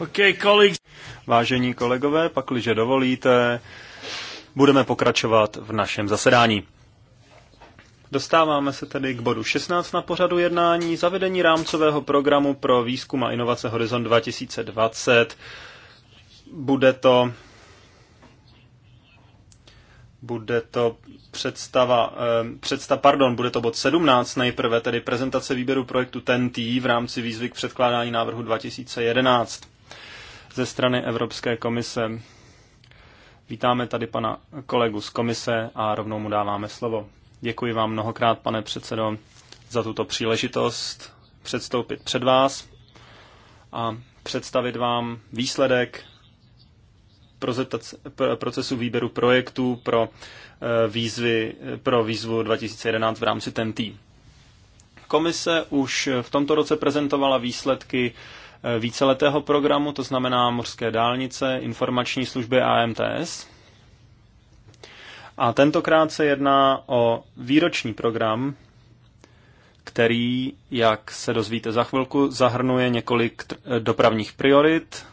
Okay, colleagues. Vážení kolegové, pakliže dovolíte, budeme pokračovat v našem zasedání. Dostáváme se tedy k bodu 16 na pořadu jednání zavedení rámcového programu pro výzkum a inovace Horizon 2020. Bude to bude to představa, eh, předsta, pardon, bude to bod 17 nejprve, tedy prezentace výběru projektu TEN-T v rámci výzvy k předkládání návrhu 2011 ze strany Evropské komise. Vítáme tady pana kolegu z komise a rovnou mu dáváme slovo. Děkuji vám mnohokrát, pane předsedo, za tuto příležitost předstoupit před vás a představit vám výsledek procesu výběru projektů pro, eh, výzvy, pro výzvu 2011 v rámci ten Komise už v tomto roce prezentovala výsledky Eh, víceletého programu, to znamená mořské dálnice, informační služby AMTS. A tentokrát se jedná o výroční program, který, jak se dozvíte za chvilku, zahrnuje několik eh, dopravních priorit,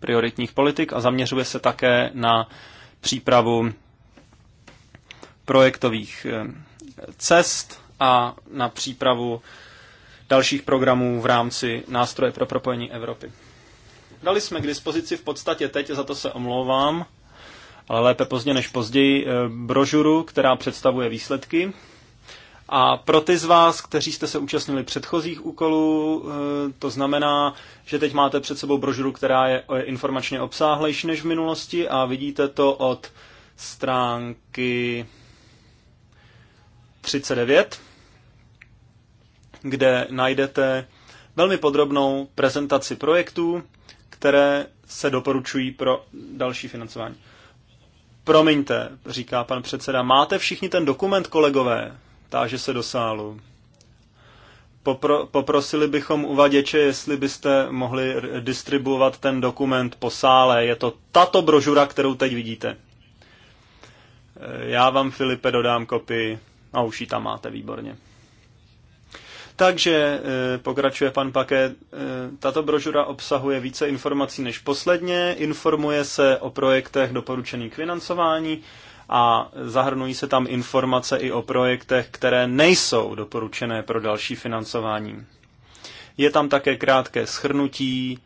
prioritních politik a zaměřuje se také na přípravu projektových eh, cest a na přípravu dalších programů v rámci nástroje pro propojení Evropy. Dali jsme k dispozici v podstatě teď, za to se omlouvám, ale lépe pozdě než později, eh, brožuru, která představuje výsledky. A pro ty z vás, kteří jste se účastnili předchozích úkolů, eh, to znamená, že teď máte před sebou brožuru, která je informačně obsáhlejší než v minulosti a vidíte to od stránky 39 kde najdete velmi podrobnou prezentaci projektů, které se doporučují pro další financování. Promiňte, říká pan předseda, máte všichni ten dokument, kolegové? Táže se do sálu. Popro, poprosili bychom uvaděče, jestli byste mohli distribuovat ten dokument po sále. Je to tato brožura, kterou teď vidíte. E, já vám, Filipe, dodám kopii. A už ji tam máte, výborně. Takže eh, pokračuje pan Paké, eh, tato brožura obsahuje více informací než posledně, informuje se o projektech doporučených k financování a zahrnují se tam informace i o projektech, které nejsou doporučené pro další financování. Je tam také krátké schrnutí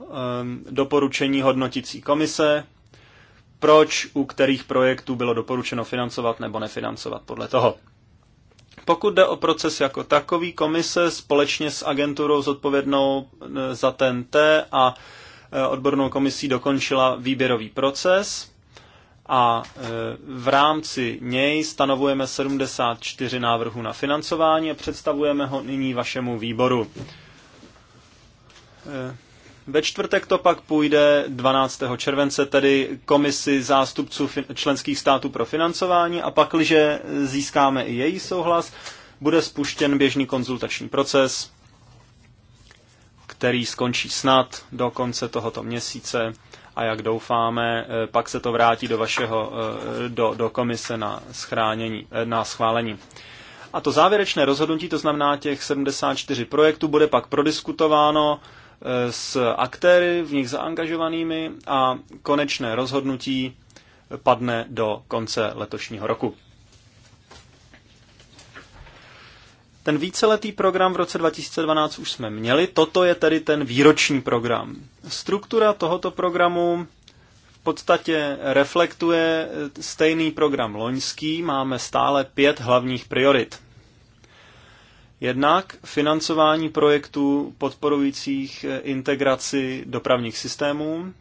eh, doporučení hodnotící komise, proč u kterých projektů bylo doporučeno financovat nebo nefinancovat podle toho. Pokud jde o proces jako takový, komise společně s agenturou zodpovědnou e, za TNT a e, odbornou komisí dokončila výběrový proces a e, v rámci něj stanovujeme 74 návrhů na financování a představujeme ho nyní vašemu výboru. Ve čtvrtek to pak půjde 12. července, tedy komisi zástupců členských států pro financování a pak, když získáme i její souhlas, bude spuštěn běžný konzultační proces, který skončí snad do konce tohoto měsíce a jak doufáme, eh, pak se to vrátí do vašeho, eh, do, do komise na, schránění, eh, na schválení. A to závěrečné rozhodnutí, to znamená těch 74 projektů, bude pak prodiskutováno Eh, s aktéry v nich zaangažovanými a konečné rozhodnutí padne do konce letošního roku. Ten víceletý program v roce 2012 už jsme měli, toto je tedy ten výroční program. Struktura tohoto programu v podstatě reflektuje stejný program loňský, máme stále pět hlavních priorit. Jednak financování projektů podporujících eh, integraci dopravních systémů,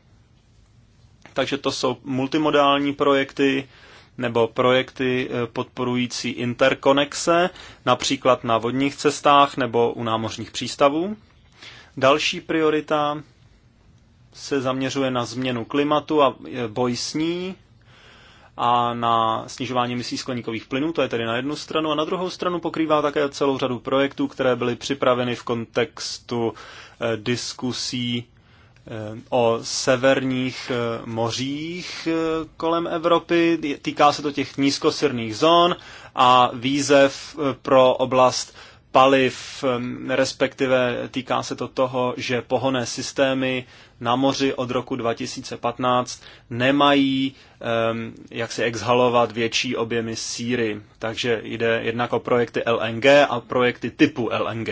takže to jsou multimodální projekty nebo projekty eh, podporující interkonexe, například na vodních cestách nebo u námořních přístavů. Další priorita se zaměřuje na změnu klimatu a eh, boj s ní, a na snižování emisí skleníkových plynů, to je tedy na jednu stranu, a na druhou stranu pokrývá také celou řadu projektů, které byly připraveny v kontextu eh, diskusí eh, o severních eh, mořích eh, kolem Evropy. Týká se to těch nízkosirných zón a výzev pro oblast paliv, respektive týká se to toho, že pohonné systémy na moři od roku 2015 nemají um, jak si exhalovat větší objemy síry. Takže jde jednak o projekty LNG a projekty typu LNG.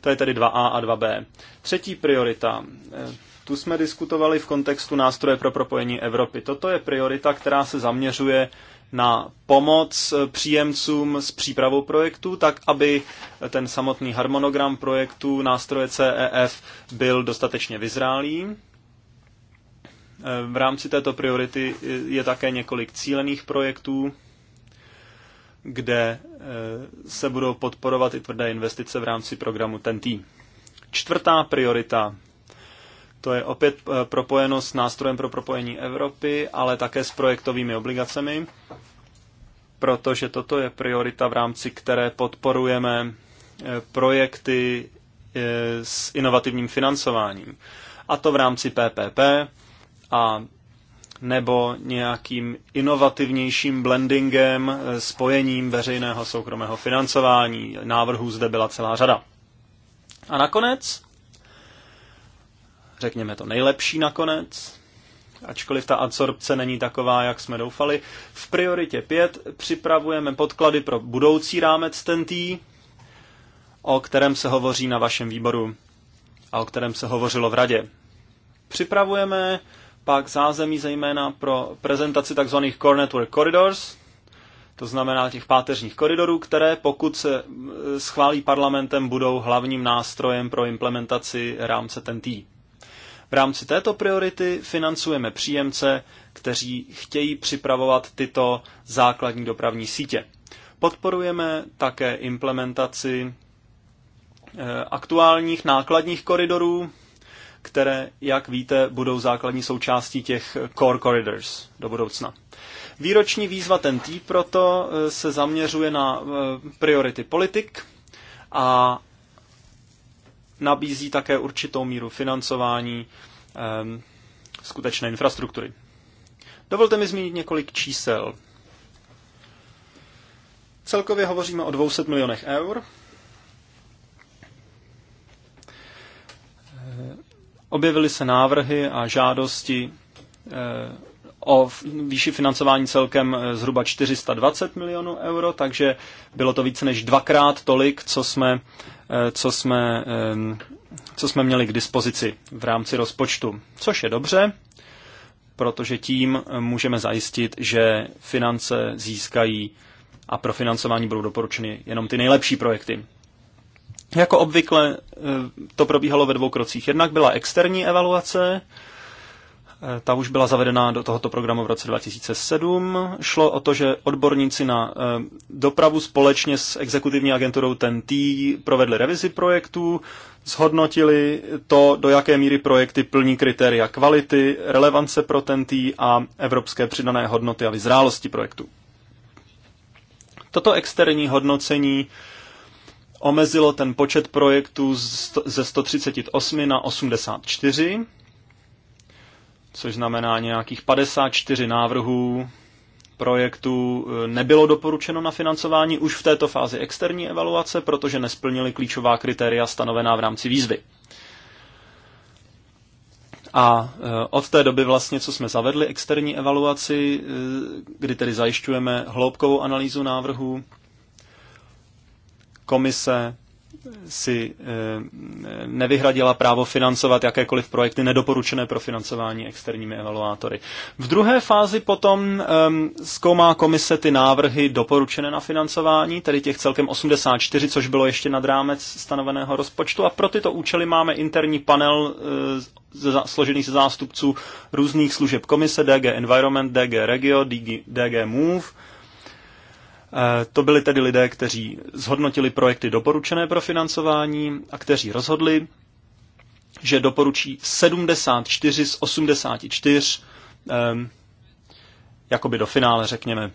To je tedy 2A a 2B. Třetí priorita. Ehm, tu jsme diskutovali v kontextu nástroje pro propojení Evropy. Toto je priorita, která se zaměřuje na pomoc příjemcům s přípravou projektu, tak aby ten samotný harmonogram projektu nástroje CEF byl dostatečně vyzrálý. Eh, v rámci této priority je také několik cílených projektů, kde eh, se budou podporovat i tvrdé investice v rámci programu TEN-T. Čtvrtá priorita to je opět eh, propojeno s nástrojem pro propojení Evropy, ale také s projektovými obligacemi, protože toto je priorita, v rámci které podporujeme eh, projekty eh, s inovativním financováním. A to v rámci PPP a nebo nějakým inovativnějším blendingem, spojením veřejného soukromého financování. Návrhů zde byla celá řada. A nakonec řekněme, to nejlepší nakonec, ačkoliv ta adsorpce není taková, jak jsme doufali. V prioritě 5 připravujeme podklady pro budoucí rámec TNT, o kterém se hovoří na vašem výboru a o kterém se hovořilo v radě. Připravujeme pak zázemí zejména pro prezentaci tzv. Core Network Corridors, to znamená těch páteřních koridorů, které pokud se e, schválí parlamentem, budou hlavním nástrojem pro implementaci rámce TNT. V rámci této priority financujeme příjemce, kteří chtějí připravovat tyto základní dopravní sítě. Podporujeme také implementaci eh, aktuálních nákladních koridorů, které, jak víte, budou základní součástí těch core corridors do budoucna. Výroční výzva ten tý proto eh, se zaměřuje na eh, priority politik a nabízí také určitou míru financování um, skutečné infrastruktury. Dovolte mi zmínit několik čísel. Celkově hovoříme o 200 milionech eur. Eh, objevily se návrhy a žádosti eh, o výši financování celkem eh, zhruba 420 milionů euro, takže bylo to více než dvakrát tolik, co jsme Eh, co jsme, co jsme měli k dispozici v rámci rozpočtu, což je dobře, protože tím můžeme zajistit, že finance získají a pro financování budou doporučeny jenom ty nejlepší projekty. Jako obvykle eh, to probíhalo ve dvou krocích. Jednak byla externí evaluace, Eh, ta už byla zavedena do tohoto programu v roce 2007. Šlo o to, že odborníci na eh, dopravu společně s exekutivní agenturou TNT provedli revizi projektů, zhodnotili to, do jaké míry projekty plní kritéria kvality, relevance pro TNT a evropské přidané hodnoty a vyzrálosti projektu. Toto externí hodnocení omezilo ten počet projektů ze 138 na 84 což znamená nějakých 54 návrhů projektů e, nebylo doporučeno na financování už v této fázi externí evaluace, protože nesplnili klíčová kritéria stanovená v rámci výzvy. A e, od té doby vlastně, co jsme zavedli externí evaluaci, e, kdy tedy zajišťujeme hloubkovou analýzu návrhu, komise si eh, nevyhradila právo financovat jakékoliv projekty nedoporučené pro financování externími evaluátory. V druhé fázi potom ehm, zkoumá komise ty návrhy doporučené na financování, tedy těch celkem 84, což bylo ještě nad rámec stanoveného rozpočtu a pro tyto účely máme interní panel eh, složený ze zástupců různých služeb komise, DG Environment, DG Regio, DG, DG Move, Eh, to byli tedy lidé, kteří zhodnotili projekty doporučené pro financování a kteří rozhodli, že doporučí 74 z 84, ehm, jakoby do finále řekněme.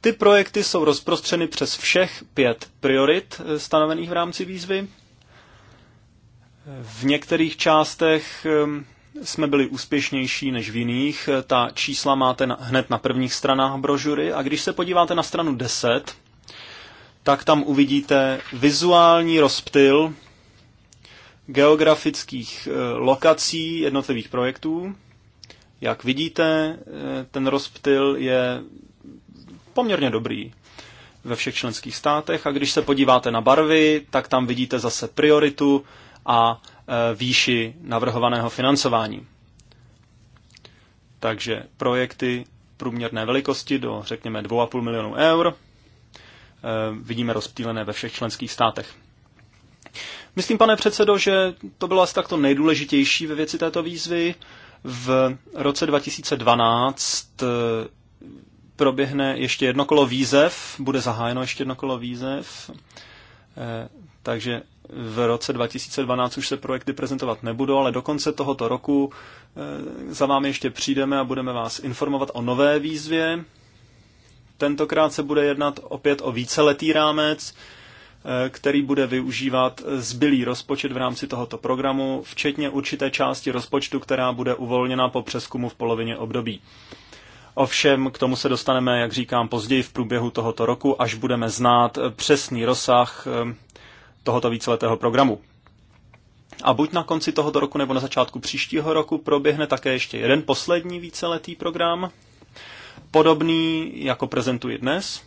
Ty projekty jsou rozprostřeny přes všech pět priorit eh, stanovených v rámci výzvy. V některých částech ehm, jsme byli úspěšnější než v jiných. Ta čísla máte na, hned na prvních stranách brožury a když se podíváte na stranu 10, tak tam uvidíte vizuální rozptyl geografických eh, lokací jednotlivých projektů. Jak vidíte, eh, ten rozptyl je poměrně dobrý ve všech členských státech a když se podíváte na barvy, tak tam vidíte zase prioritu a Eh, výši navrhovaného financování. Takže projekty průměrné velikosti do, řekněme, 2,5 milionů eur eh, vidíme rozptýlené ve všech členských státech. Myslím, pane předsedo, že to bylo asi takto nejdůležitější ve věci této výzvy. V roce 2012 eh, proběhne ještě jedno kolo výzev, bude zahájeno ještě jedno kolo výzev, takže v roce 2012 už se projekty prezentovat nebudou, ale do konce tohoto roku eh, za vámi ještě přijdeme a budeme vás informovat o nové výzvě. Tentokrát se bude jednat opět o víceletý rámec, eh, který bude využívat zbylý rozpočet v rámci tohoto programu, včetně určité části rozpočtu, která bude uvolněna po přeskumu v polovině období. Ovšem, k tomu se dostaneme, jak říkám, později v průběhu tohoto roku, až budeme znát eh, přesný rozsah tohoto víceletého programu. A buď na konci tohoto roku nebo na začátku příštího roku proběhne také ještě jeden poslední víceletý program, podobný jako prezentuji dnes,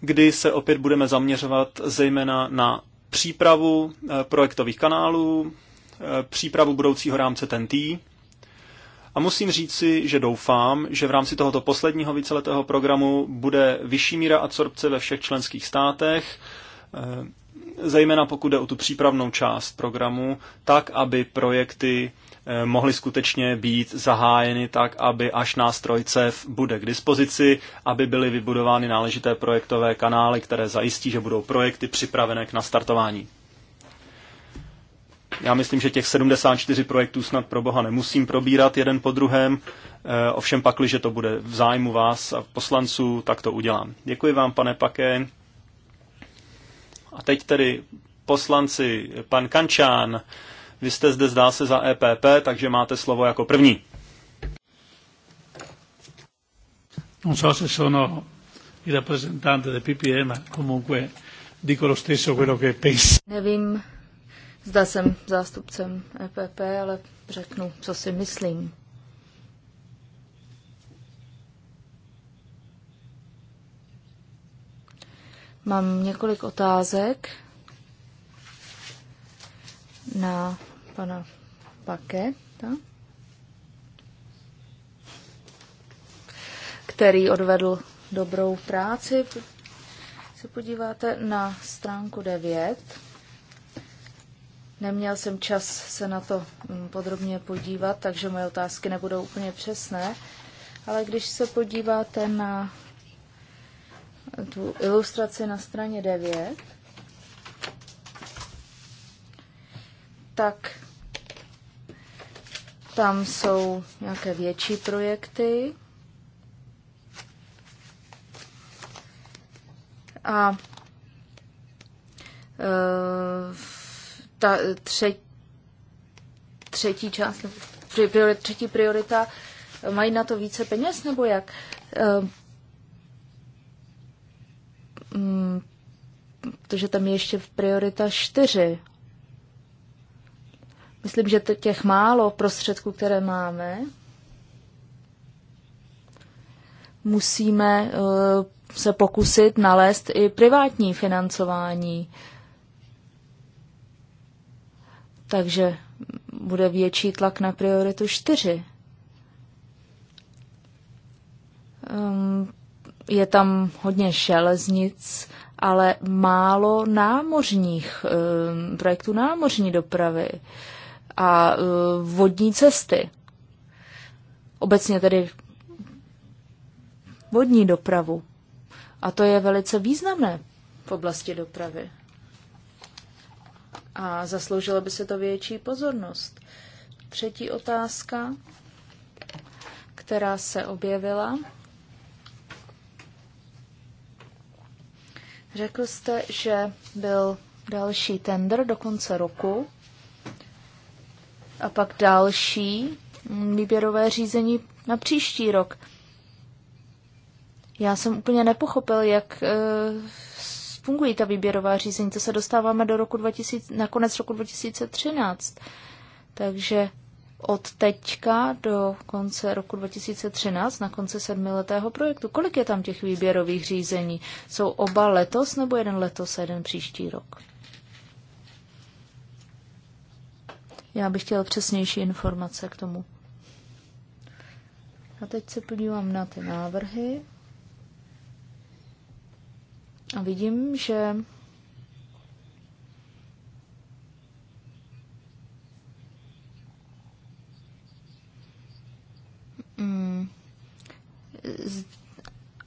kdy se opět budeme zaměřovat zejména na přípravu eh, projektových kanálů, eh, přípravu budoucího rámce TNT. A musím říci, že doufám, že v rámci tohoto posledního víceletého programu bude vyšší míra adsorpce ve všech členských státech Eh, zejména pokud jde o tu přípravnou část programu, tak, aby projekty eh, mohly skutečně být zahájeny tak, aby až nástroj CEF bude k dispozici, aby byly vybudovány náležité projektové kanály, které zajistí, že budou projekty připravené k nastartování. Já myslím, že těch 74 projektů snad pro boha nemusím probírat jeden po druhém, eh, ovšem pakli, že to bude v zájmu vás a poslanců, tak to udělám. Děkuji vám, pane Pake. A teď tedy poslanci, pan Kančán, vy jste zde zdá se za EPP, takže máte slovo jako první. Non so se sono del PPE, ma comunque dico lo stesso quello che penso. Nevím, zda jsem zástupcem EPP, ale řeknu, co si myslím. Mám několik otázek na pana Paketa, který odvedl dobrou práci. Se podíváte na stránku 9. Neměl jsem čas se na to mm, podrobně podívat, takže moje otázky nebudou úplně přesné. Ale když se podíváte na tu ilustraci na straně 9, tak tam jsou nějaké větší projekty. A e, ta třetí část, třetí priorita, mají na to více peněz nebo jak? E, Mm, protože tam je ještě v priorita čtyři. Myslím, že těch málo prostředků, které máme, musíme eh, se pokusit nalézt i privátní financování. Takže bude větší tlak na prioritu čtyři. Um, je tam hodně železnic, ale málo námořních ehm, projektů námořní dopravy a eh, vodní cesty. Obecně tedy vodní dopravu. A to je velice významné v oblasti dopravy. A zasloužilo by se to větší pozornost. Třetí otázka, která se objevila Řekl jste, že byl další tender do konce roku a pak další výběrové řízení na příští rok. Já jsem úplně nepochopil, jak e, fungují ta výběrová řízení. To se dostáváme do roku 2000, na konec roku 2013. Takže od teďka do konce roku 2013, na konce sedmiletého projektu. Kolik je tam těch výběrových řízení? Jsou oba letos nebo jeden letos a jeden příští rok? Já bych chtěla přesnější informace k tomu. A teď se podívám na ty návrhy. A vidím, že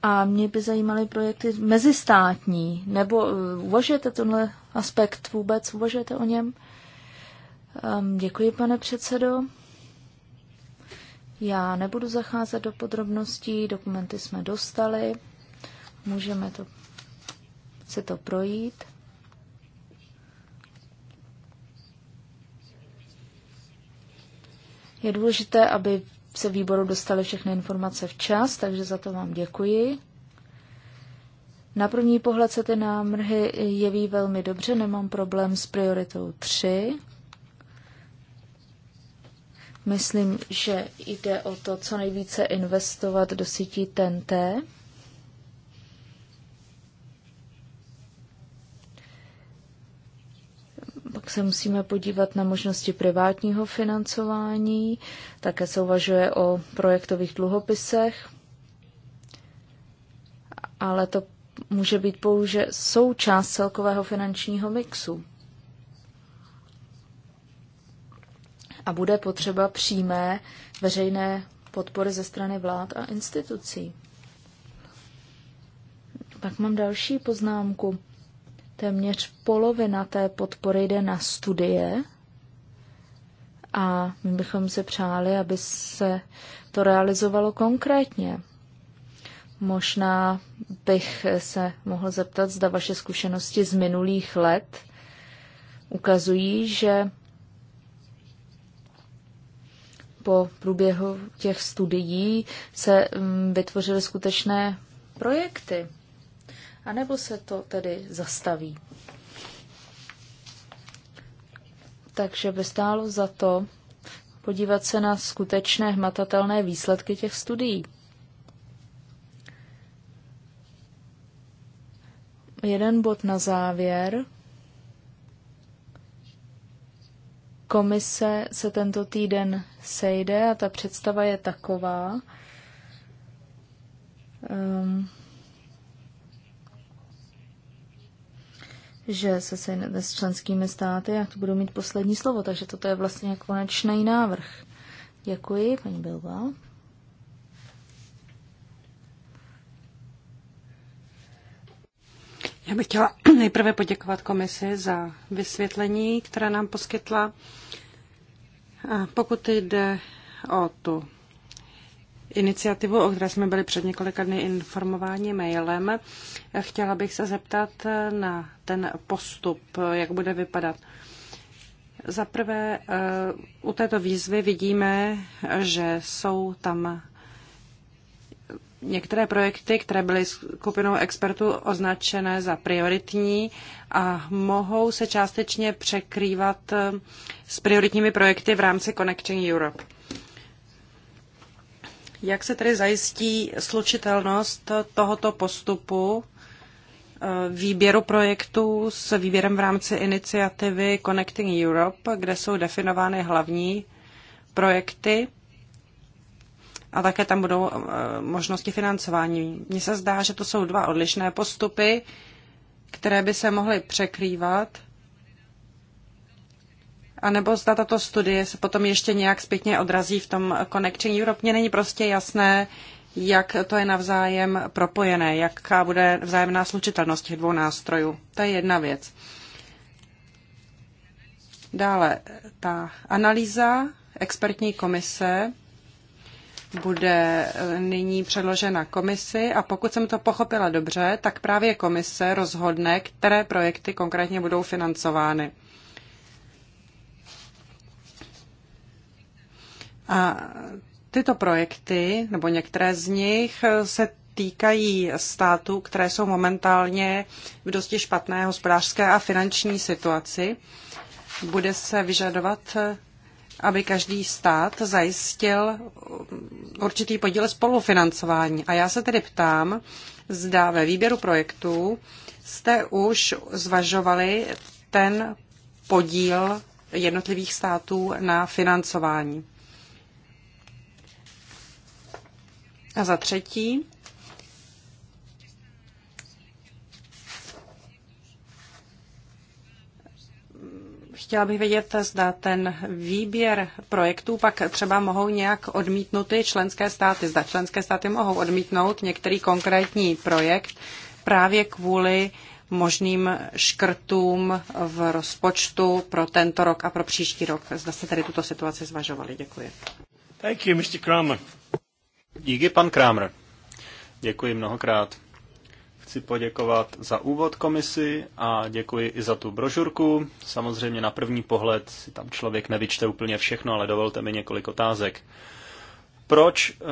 A mě by zajímaly projekty mezistátní, nebo eh, uvažujete tenhle aspekt vůbec, uvažujete o něm? Um, děkuji, pane předsedo. Já nebudu zacházet do podrobností, dokumenty jsme dostali, můžeme to, se to projít. Je důležité, aby se výboru dostali všechny informace včas, takže za to vám děkuji. Na první pohled se ty námrhy jeví velmi dobře, nemám problém s prioritou 3. Myslím, že jde o to, co nejvíce investovat do sítí TNT. Pak se musíme podívat na možnosti privátního financování, také se uvažuje o projektových dluhopisech, ale to může být pouze součást celkového finančního mixu. A bude potřeba přímé veřejné podpory ze strany vlád a institucí. Pak mám další poznámku. Téměř polovina té podpory jde na studie a my bychom si přáli, aby se to realizovalo konkrétně. Možná bych se mohl zeptat, zda vaše zkušenosti z minulých let ukazují, že po průběhu těch studií se mm, vytvořily skutečné projekty. A nebo se to tedy zastaví. Takže by stálo za to podívat se na skutečné hmatatelné výsledky těch studií. Jeden bod na závěr. Komise se tento týden sejde a ta představa je taková, um, že se sejdete s členskými státy a to budou mít poslední slovo, takže toto je vlastně konečný návrh. Děkuji, paní Bilba. Já bych chtěla nejprve poděkovat komisi za vysvětlení, které nám poskytla. A pokud jde o tu iniciativu, o které jsme byli před několika dny informováni mailem. Chtěla bych se zeptat na ten postup, jak bude vypadat. Za prvé, eh, u této výzvy vidíme, že jsou tam některé projekty, které byly skupinou expertů označené za prioritní a mohou se částečně překrývat eh, s prioritními projekty v rámci Connecting Europe. Jak se tedy zajistí slučitelnost tohoto postupu eh, výběru projektů s výběrem v rámci iniciativy Connecting Europe, kde jsou definovány hlavní projekty a také tam budou eh, možnosti financování. Mně se zdá, že to jsou dva odlišné postupy, které by se mohly překrývat a nebo zda tato studie se potom ještě nějak zpětně odrazí v tom Connection Europe. Mně není prostě jasné, jak to je navzájem propojené, jaká bude vzájemná slučitelnost těch dvou nástrojů. To je jedna věc. Dále, ta analýza expertní komise bude eh, nyní předložena komisi a pokud jsem to pochopila dobře, tak právě komise rozhodne, které projekty konkrétně budou financovány. A tyto projekty, nebo některé z nich, se týkají států, které jsou momentálně v dosti špatné hospodářské a finanční situaci. Bude se vyžadovat, aby každý stát zajistil určitý podíl spolufinancování. A já se tedy ptám, zda ve výběru projektů jste už zvažovali ten podíl jednotlivých států na financování. A za třetí, chtěla bych vědět, zda ten výběr projektů pak třeba mohou nějak odmítnout i členské státy. Zda členské státy mohou odmítnout některý konkrétní projekt právě kvůli možným škrtům v rozpočtu pro tento rok a pro příští rok. Zda jste tedy tuto situaci zvažovali. Děkuji. Thank you, Mr. Kramer. Díky, pan Krámer. Děkuji mnohokrát. Chci poděkovat za úvod komisi a děkuji i za tu brožurku. Samozřejmě na první pohled si tam člověk nevyčte úplně všechno, ale dovolte mi několik otázek. Proč eh,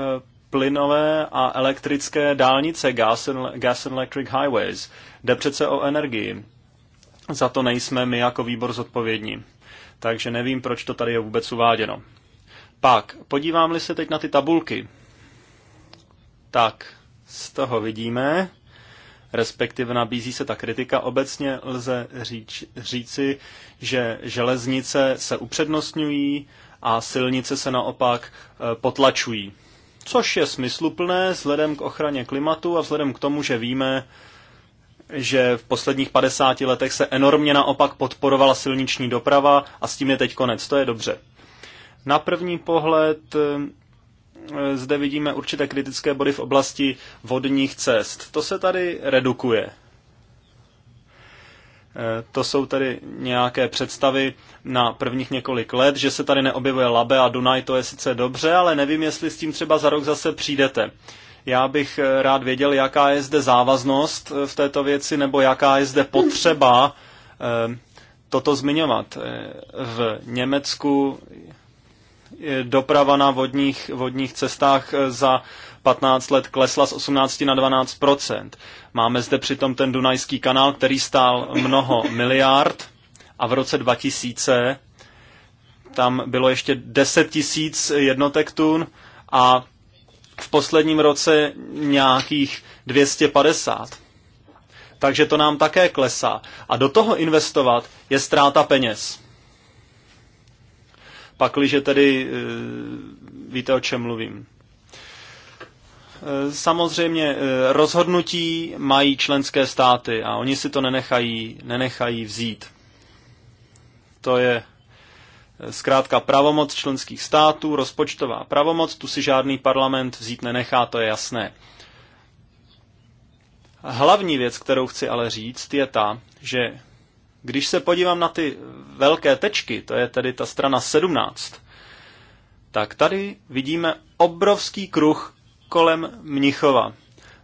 plynové a elektrické dálnice, gas and, gas and electric highways. Jde přece o energii. Za to nejsme my jako výbor zodpovědní. Takže nevím, proč to tady je vůbec uváděno. Pak, podívám-li se teď na ty tabulky, tak, z toho vidíme, respektive nabízí se ta kritika. Obecně lze říč, říci, že železnice se upřednostňují a silnice se naopak e, potlačují. Což je smysluplné vzhledem k ochraně klimatu a vzhledem k tomu, že víme, že v posledních 50 letech se enormně naopak podporovala silniční doprava a s tím je teď konec. To je dobře. Na první pohled Eh, zde vidíme určité kritické body v oblasti vodních cest. To se tady redukuje. Eh, to jsou tady nějaké představy na prvních několik let, že se tady neobjevuje Labe a Dunaj, to je sice dobře, ale nevím, jestli s tím třeba za rok zase přijdete. Já bych eh, rád věděl, jaká je zde závaznost v této věci, nebo jaká je zde potřeba toto zmiňovat. V Německu doprava na vodních, vodních cestách eh, za 15 let klesla z 18 na 12 Máme zde přitom ten Dunajský kanál, který stál mnoho miliard a v roce 2000 tam bylo ještě 10 tisíc jednotek tun a v posledním roce nějakých 250. Takže to nám také klesá. A do toho investovat je ztráta peněz pakliže tedy eh, víte, o čem mluvím. Eh, samozřejmě eh, rozhodnutí mají členské státy a oni si to nenechají, nenechají vzít. To je zkrátka pravomoc členských států, rozpočtová pravomoc, tu si žádný parlament vzít nenechá, to je jasné. Hlavní věc, kterou chci ale říct, je ta, že když se podívám na ty velké tečky, to je tedy ta strana 17, tak tady vidíme obrovský kruh kolem Mnichova.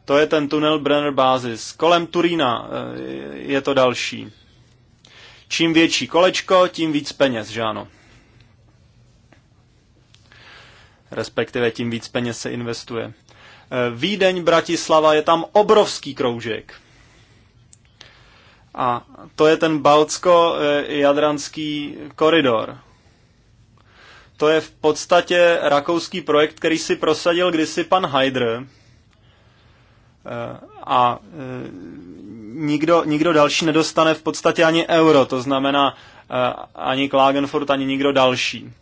To je ten tunel Brenner Basis. Kolem Turína eh, je to další. Čím větší kolečko, tím víc peněz, že ano? Respektive tím víc peněz se investuje. Eh, Vídeň, Bratislava, je tam obrovský kroužek. A to je ten balcko jadranský koridor. To je v podstatě rakouský projekt, který si prosadil kdysi pan Heidr. E, a e, nikdo, nikdo další nedostane v podstatě ani euro, to znamená e, ani Klagenfurt, ani nikdo další.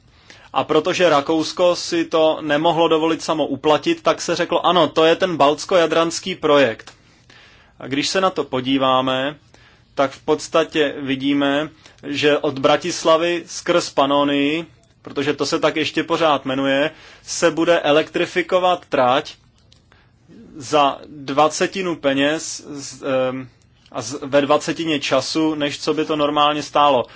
A protože Rakousko si to nemohlo dovolit samo uplatit, tak se řeklo, ano, to je ten balcko jadranský projekt. A když se na to podíváme, tak v podstatě vidíme, že od Bratislavy skrz Panonii, protože to se tak ještě pořád jmenuje, se bude elektrifikovat trať za dvacetinu peněz a ve dvacetině času, než co by to normálně stálo.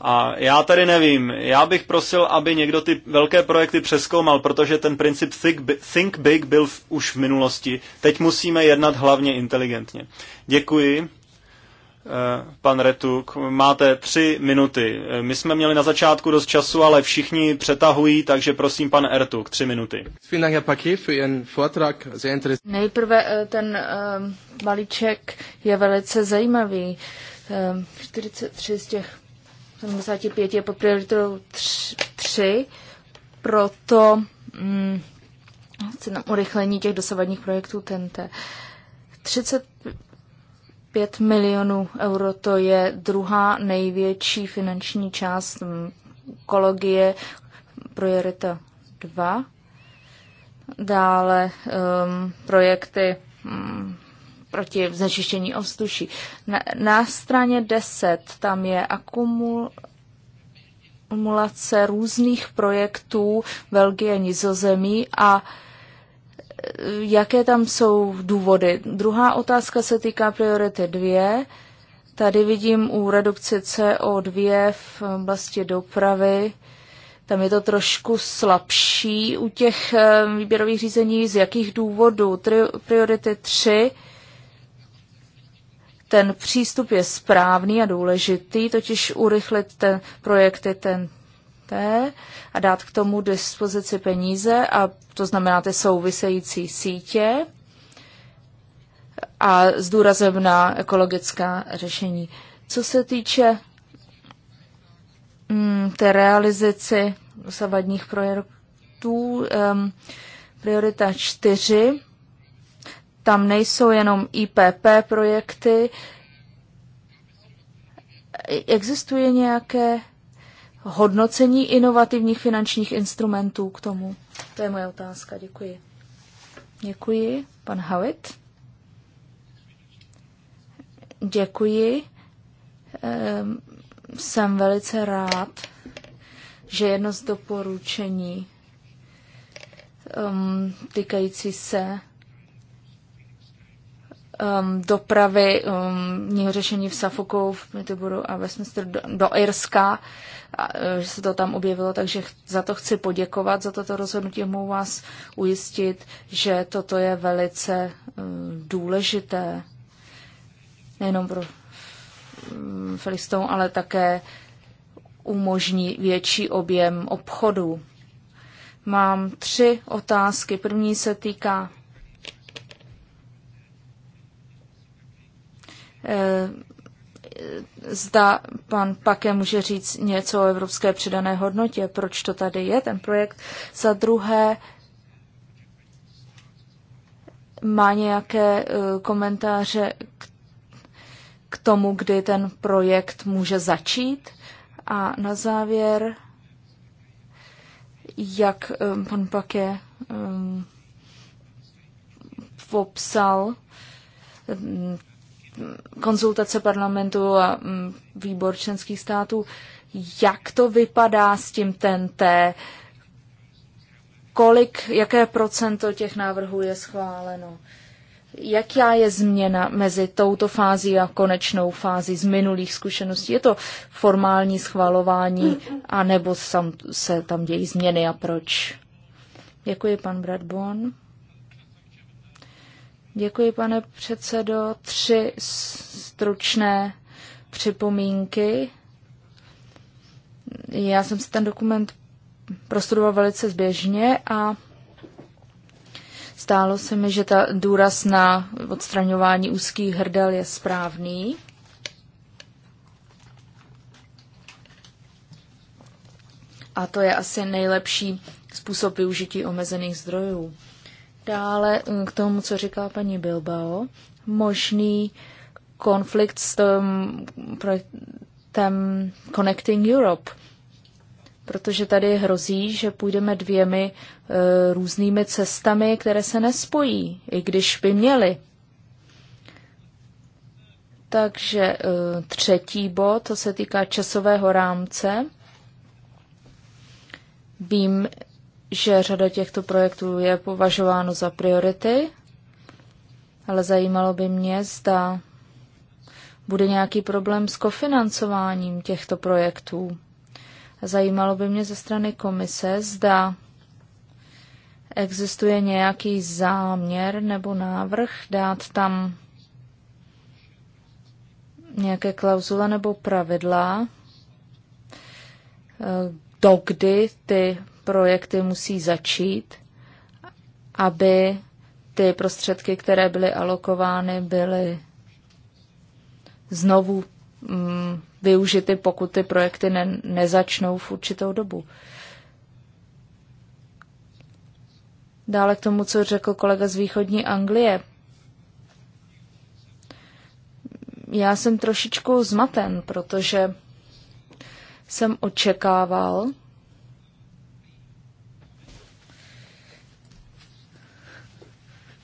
A já tady nevím, já bych prosil, aby někdo ty velké projekty přeskoumal, protože ten princip think big, think big byl v, už v minulosti. Teď musíme jednat hlavně inteligentně. Děkuji. Eh, pan Retuk, máte tři minuty. Eh, my jsme měli na začátku dost času, ale všichni přetahují, takže prosím, pan Ertuk, tři minuty. Nejprve eh, ten balíček je velice zajímavý. 43 z těch 75 je pod prioritou 3, proto hm, chci na urychlení těch dosavadních projektů TNT. 30 5 milionů euro to je druhá největší finanční část ekologie priorita 2. Dále um, projekty um, proti znečištění ovzduší. Na, na straně 10 tam je akumul, akumulace různých projektů Belgie, Nizozemí a uh, jaké tam jsou důvody. Druhá otázka se týká priority 2. Tady vidím u redukce CO2 v oblasti dopravy, tam je to trošku slabší u těch eh, výběrových řízení. Z jakých důvodů? Priority 3. Ten přístup je správný a důležitý, totiž urychlit ten projekty ten a dát k tomu dispozici peníze, a to znamená ty související sítě a s důrazem na ekologická řešení. Co se týče mm, té realizaci dosavadních projektů, um, priorita čtyři. tam nejsou jenom IPP projekty, existuje nějaké hodnocení inovativních finančních instrumentů k tomu? To je moje otázka. Děkuji. Děkuji. Pan Howitt? Děkuji. Ehm, jsem velice rád, že jedno z doporučení ehm, týkající se um, dopravy, um, řešení v Suffolku, v Mityboru a Westminster do, do Irska, a, e, že se to tam objevilo, takže za to chci poděkovat, za toto rozhodnutí mohu vás ujistit, že toto je velice um, důležité, nejenom pro um, mm, Felistou, ale také umožní větší objem obchodu. Mám tři otázky. První se týká Eh, zda pan Pake může říct něco o evropské přidané hodnotě, proč to tady je, ten projekt. Za druhé, má nějaké eh, komentáře k tomu, kdy ten projekt může začít? A na závěr, jak eh, pan Pake popsal konzultace parlamentu a mm, výbor členských států. Jak to vypadá s tím TNT? Kolik, jaké procento těch návrhů je schváleno? Jaká je změna mezi touto fází a konečnou fází z minulých zkušeností? Je to formální schvalování, anebo sam, se tam dějí změny a proč? Děkuji, pan Bradbon. Děkuji, pane předsedo. Tři stručné připomínky. Já jsem si ten dokument prostudoval velice zběžně a stálo se mi, že ta důraz na odstraňování úzkých hrdel je správný. A to je asi nejlepší způsob využití omezených zdrojů. Dále mm, k tomu, co říká paní Bilbao, možný konflikt s tím um, projektem Connecting Europe, protože tady hrozí, že půjdeme dvěmi e, různými cestami, které se nespojí, i když by měly. Takže e, třetí bod, to se týká časového rámce. Vím, že řada těchto projektů je považováno za priority, ale zajímalo by mě, zda bude nějaký problém s kofinancováním těchto projektů. Zajímalo by mě ze strany komise, zda existuje nějaký záměr nebo návrh dát tam nějaké klauzule nebo pravidla, eh, dokdy ty projekty musí začít, aby ty prostředky, které byly alokovány, byly znovu mm, využity, pokud ty projekty ne, nezačnou v určitou dobu. Dále k tomu, co řekl kolega z východní Anglie. Já jsem trošičku zmaten, protože jsem očekával,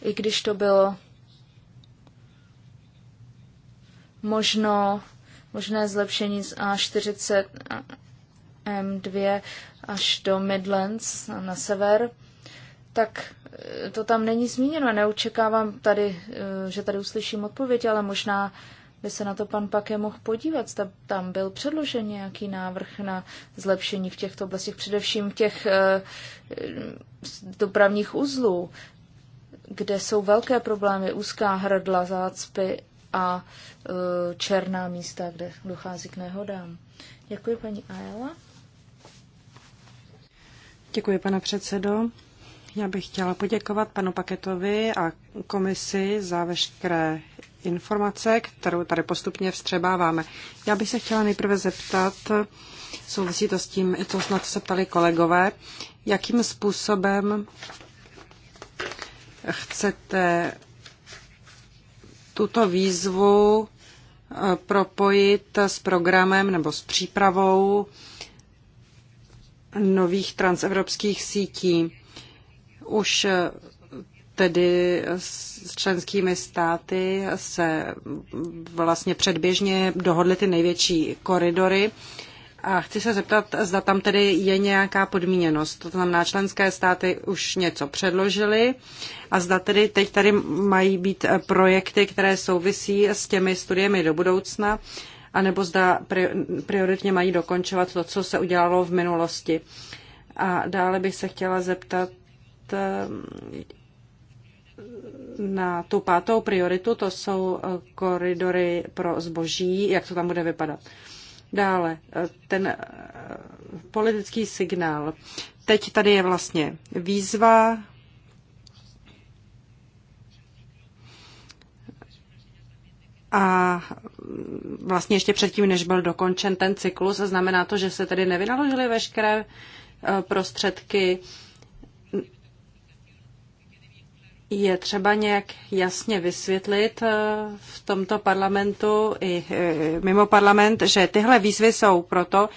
i když to bylo možno, možné zlepšení z A40 M2 až do Midlands na sever, tak eh, to tam není zmíněno. Neočekávám tady, eh, že tady uslyším odpověď, ale možná by se na to pan Pake mohl podívat. Tam byl předložen nějaký návrh na zlepšení v těchto oblastech, především v těch eh, dopravních uzlů kde jsou velké problémy, úzká hrdla, zácpy a e, černá místa, kde dochází k nehodám. Děkuji, paní Ajela. Děkuji, pane předsedo. Já bych chtěla poděkovat panu Paketovi a komisi za veškeré informace, kterou tady postupně vstřebáváme. Já bych se chtěla nejprve zeptat, souvisí to s tím, to snad se ptali kolegové, jakým způsobem chcete tuto výzvu eh, propojit s programem nebo s přípravou nových transevropských sítí. Už eh, tedy s členskými státy se vlastně předběžně dohodly ty největší koridory a chci se zeptat, zda tam tedy je nějaká podmíněnost. To znamená, členské státy už něco předložily a zda tedy teď tady mají být eh, projekty, které souvisí s těmi studiemi do budoucna, anebo zda prioritně mají dokončovat to, co se udělalo v minulosti. A dále bych se chtěla zeptat eh, na tu pátou prioritu, to jsou eh, koridory pro zboží, jak to tam bude vypadat. Dále, eh, ten eh, politický signál. Teď tady je vlastně výzva A mm, vlastně ještě předtím, než byl dokončen ten cyklus, znamená to, že se tedy nevynaložily veškeré eh, prostředky je třeba nějak jasně vysvětlit eh, v tomto parlamentu i eh, mimo parlament, že tyhle výzvy jsou proto,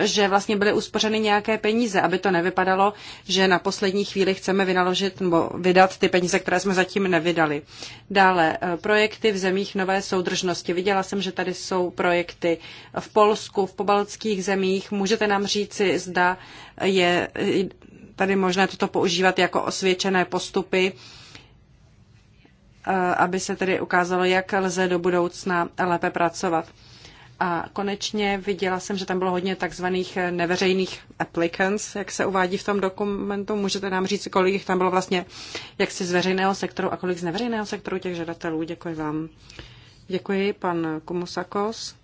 že vlastně byly uspořeny nějaké peníze, aby to nevypadalo, že na poslední chvíli chceme vynaložit nebo vydat ty peníze, které jsme zatím nevydali. Dále eh, projekty v zemích nové soudržnosti. Viděla jsem, že tady jsou projekty v Polsku, v pobaltských zemích. Můžete nám říci, zda je tady možné toto používat jako osvědčené postupy Eh, aby se tedy ukázalo, jak lze do budoucna lépe pracovat. A konečně viděla jsem, že tam bylo hodně takzvaných eh, neveřejných applicants, jak se uvádí v tom dokumentu. Můžete nám říct, kolik jich tam bylo vlastně, jak si z veřejného sektoru a kolik z neveřejného sektoru těch žadatelů. Děkuji vám. Děkuji, pan Kumusakos.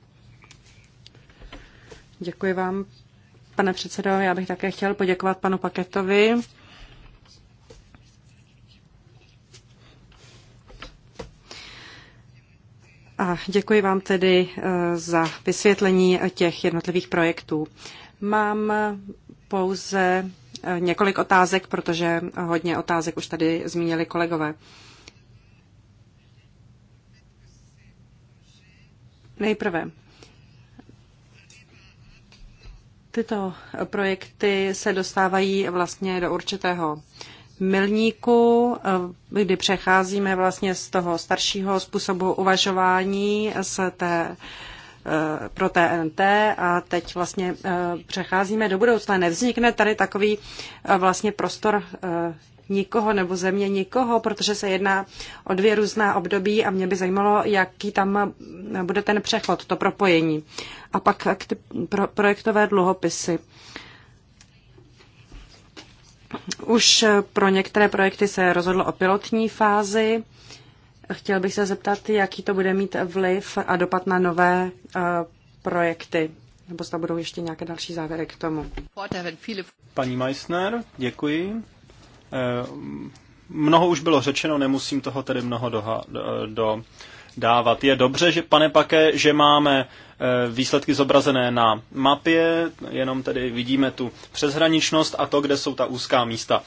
Děkuji vám, pane předsedo. Já bych také chtěl poděkovat panu Paketovi A děkuji vám tedy eh, za vysvětlení těch jednotlivých projektů. Mám pouze eh, několik otázek, protože hodně otázek už tady zmínili kolegové. Nejprve. Tyto projekty se dostávají vlastně do určitého milníku, eh, kdy přecházíme vlastně z toho staršího způsobu uvažování z té, eh, pro TNT a teď vlastně eh, přecházíme do budoucna. Nevznikne tady takový vlastně prostor nikoho nebo země nikoho, protože se jedná o dvě různá období a mě by zajímalo, jaký tam bude ten přechod, to propojení. A pak pro projektové dluhopisy. Uh, už eh, pro některé projekty se rozhodlo o pilotní fázi. Chtěl bych se zeptat, jaký to bude mít vliv a dopad na nové eh, projekty. Nebo zda budou ještě nějaké další závěry k tomu. Paní Meissner, děkuji. Eh, mnoho už bylo řečeno, nemusím toho tedy mnoho doha, do, do dávat. Je dobře, že pane Pake, že máme eh, výsledky zobrazené na mapě, jenom tedy vidíme tu přeshraničnost a to, kde jsou ta úzká místa.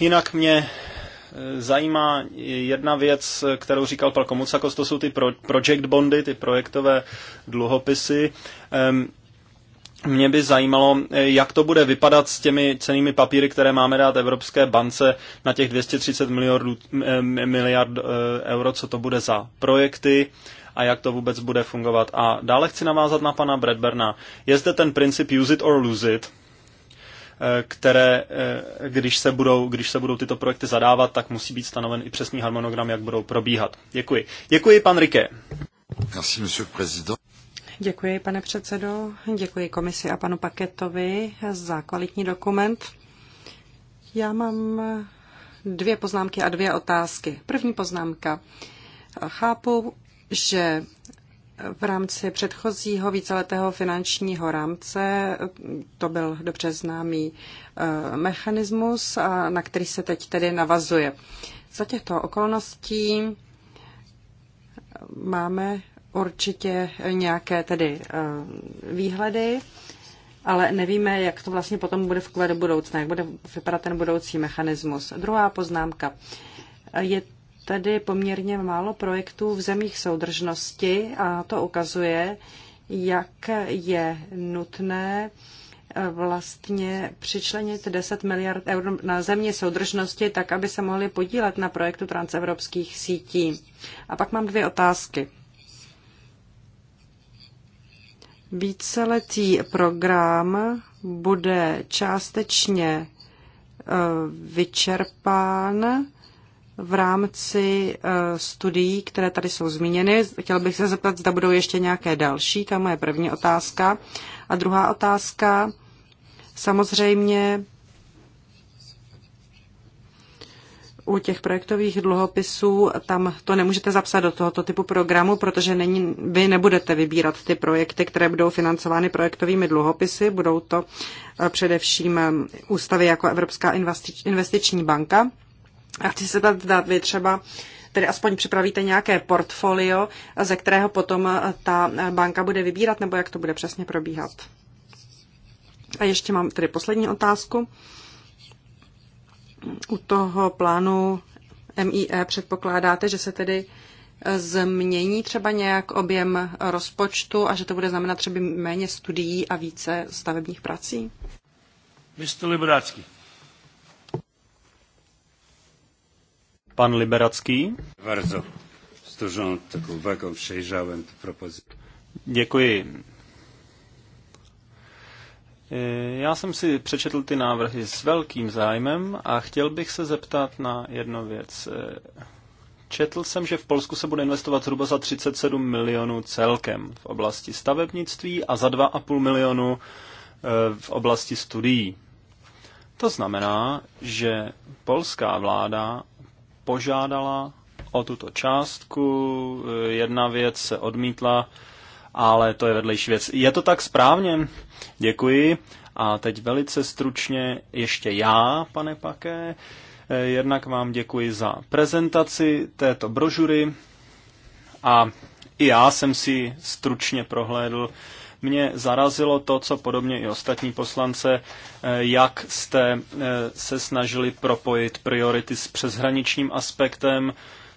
Jinak mě eh, zajímá jedna věc, kterou říkal pan Komucakos, to jsou ty project bondy, ty projektové dluhopisy. Ehm, mě by zajímalo, jak to bude vypadat s těmi cenými papíry, které máme dát Evropské bance na těch 230 eh, miliard, miliard eh, euro, co to bude za projekty a jak to vůbec bude fungovat. A dále chci navázat na pana Bradberna. Je zde ten princip use it or lose it, eh, které, když se, budou, když se budou tyto projekty zadávat, tak musí být stanoven i přesný harmonogram, jak budou probíhat. Děkuji. Děkuji, pan Rike. Merci, monsieur le président. Děkuji, pane předsedo. Děkuji komisi a panu Paketovi za kvalitní dokument. Já mám dvě poznámky a dvě otázky. První poznámka. Chápu, že v rámci předchozího víceletého finančního rámce to byl dobře známý eh, mechanismus, na který se teď tedy navazuje. Za těchto okolností máme určitě nějaké tedy eh, výhledy, ale nevíme, jak to vlastně potom bude vkovat do budoucna, jak bude vypadat ten budoucí mechanismus. Druhá poznámka. Je tady poměrně málo projektů v zemích soudržnosti a to ukazuje, jak je nutné eh, vlastně přičlenit 10 miliard eur na země soudržnosti, tak aby se mohli podílet na projektu transevropských sítí. A pak mám dvě otázky. Víceletý program bude částečně eh, vyčerpán v rámci eh, studií, které tady jsou zmíněny. Chtěl bych se zeptat, zda budou ještě nějaké další, to je moje první otázka. A druhá otázka, samozřejmě u těch projektových dluhopisů tam to nemůžete zapsat do tohoto typu programu, protože není, vy nebudete vybírat ty projekty, které budou financovány projektovými dluhopisy. Budou to eh, především eh, ústavy jako Evropská investiční banka. A chci se tady dát, vy třeba tedy aspoň připravíte nějaké portfolio, eh, ze kterého potom ta banka bude vybírat, nebo jak to bude přesně probíhat. A ještě mám tedy poslední otázku u toho plánu MIE předpokládáte, že se tedy eh, změní třeba nějak objem rozpočtu a že to bude znamenat třeba méně studií a více stavebních prací? Mr. Liberácký. Pan Liberacký. Bardzo. Z taką wagą przejrzałem tę propozycję. Děkuji. Já jsem si přečetl ty návrhy s velkým zájmem a chtěl bych se zeptat na jednu věc. Četl jsem, že v Polsku se bude investovat zhruba za 37 milionů celkem v oblasti stavebnictví a za 2,5 milionu e, v oblasti studií. To znamená, že polská vláda požádala o tuto částku, e, jedna věc se odmítla, ale to je vedlejší věc. Je to tak správně? Děkuji. A teď velice stručně ještě já, pane Paké. Eh, jednak vám děkuji za prezentaci této brožury a i já jsem si stručně prohlédl. Mě zarazilo to, co podobně i ostatní poslance, eh, jak jste eh, se snažili propojit priority s přeshraničním aspektem,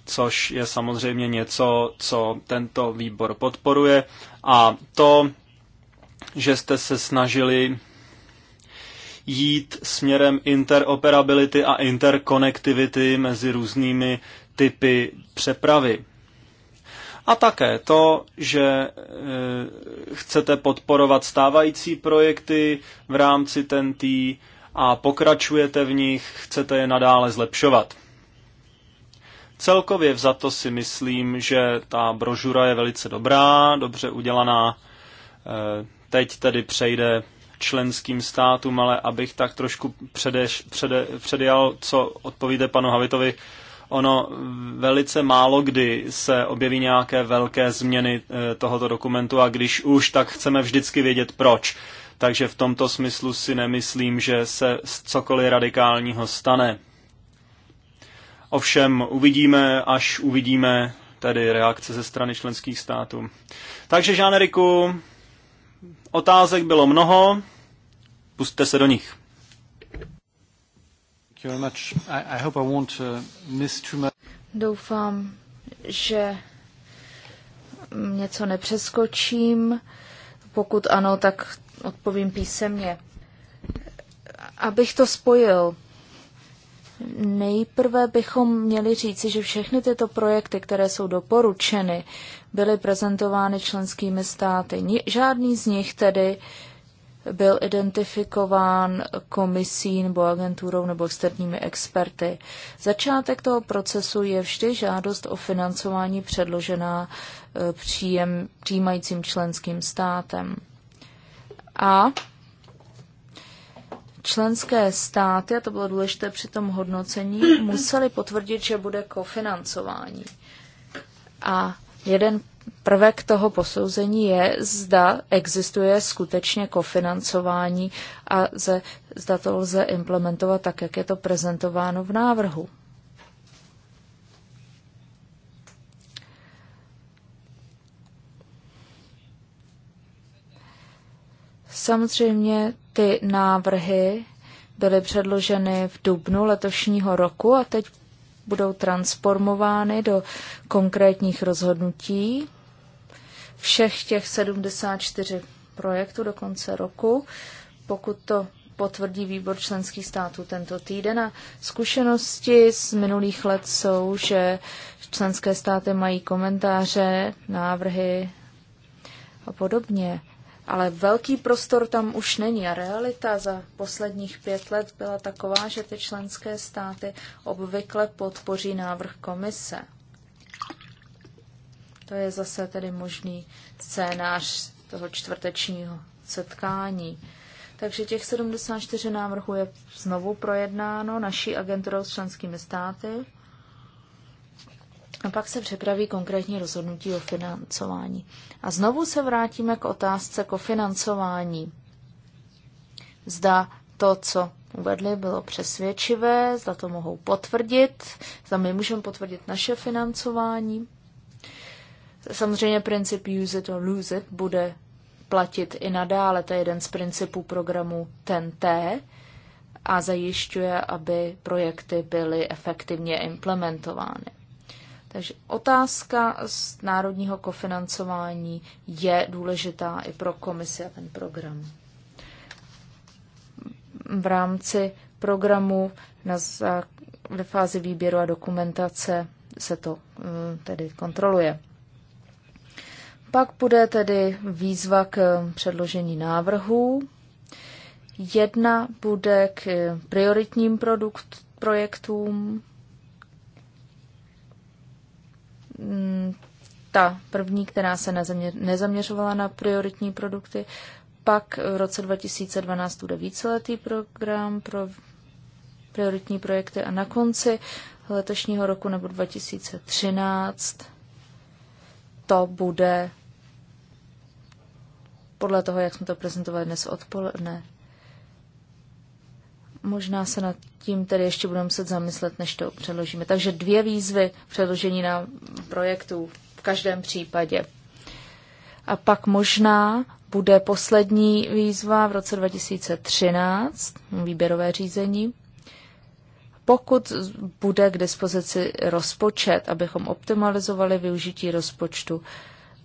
což je samozřejmě něco, co tento výbor podporuje. A to, že jste se snažili jít směrem interoperability a interkonektivity mezi různými typy přepravy. A také to, že e, chcete podporovat stávající projekty v rámci TNT a pokračujete v nich, chcete je nadále zlepšovat. Celkově vzato si myslím, že ta brožura je velice dobrá, dobře udělaná. E, teď tedy přejde členským státům, ale abych tak trošku předeš, přede, předjal, co odpovíde panu Havitovi, ono velice málo kdy se objeví nějaké velké změny e, tohoto dokumentu a když už, tak chceme vždycky vědět proč. Takže v tomto smyslu si nemyslím, že se cokoliv radikálního stane. Ovšem uvidíme, až uvidíme tedy reakce ze strany členských států. Takže, Eriku, otázek bylo mnoho, pustte se do nich. Uh, Doufám, že něco nepřeskočím. Pokud ano, tak odpovím písemně. Abych to spojil, Nejprve bychom měli říci, že všechny tyto projekty, které jsou doporučeny, byly prezentovány členskými státy. Žádný z nich tedy byl identifikován komisí nebo agenturou nebo externími experty. Začátek toho procesu je vždy žádost o financování předložená eh, příjem, přijímajícím členským státem. A členské státy, a to bylo důležité při tom hodnocení, museli potvrdit, že bude kofinancování. A jeden prvek toho posouzení je, zda existuje skutečně kofinancování a ze, zda to lze implementovat tak, jak je to prezentováno v návrhu. Samozřejmě ty návrhy byly předloženy v dubnu letošního roku a teď budou transformovány do konkrétních rozhodnutí. Všech těch 74 projektů do konce roku, pokud to potvrdí výbor členských států tento týden. A zkušenosti z minulých let jsou, že členské státy mají komentáře, návrhy a podobně. Ale velký prostor tam už není a realita za posledních pět let byla taková, že ty členské státy obvykle podpoří návrh komise. To je zase tedy možný scénář toho čtvrtečního setkání. Takže těch 74 návrhů je znovu projednáno naší agenturou s členskými státy. A no, pak se připraví konkrétní rozhodnutí o financování. A znovu se vrátíme k otázce kofinancování. Zda to, co uvedli, bylo přesvědčivé, zda to mohou potvrdit, zda my můžeme potvrdit naše financování. Samozřejmě princip use it or lose it bude platit i nadále, to je jeden z principů programu TNT a zajišťuje, aby projekty byly efektivně implementovány. Takže otázka z národního kofinancování je důležitá i pro komisi a ten program. V rámci programu na ve fázi výběru a dokumentace se to eh, tedy kontroluje. Pak bude tedy výzva k eh, předložení návrhů. Jedna bude k eh, prioritním produkt, projektům, Mm, ta první, která se nezaměřovala na prioritní produkty. Pak v roce 2012 bude víceletý program pro prioritní projekty a na konci letošního roku nebo 2013 to bude podle toho, jak jsme to prezentovali dnes odpoledne, Možná se nad tím tedy ještě budeme muset zamyslet, než to předložíme. Takže dvě výzvy předložení na projektu v každém případě. A pak možná bude poslední výzva v roce 2013, výběrové řízení, pokud bude k dispozici rozpočet, abychom optimalizovali využití rozpočtu.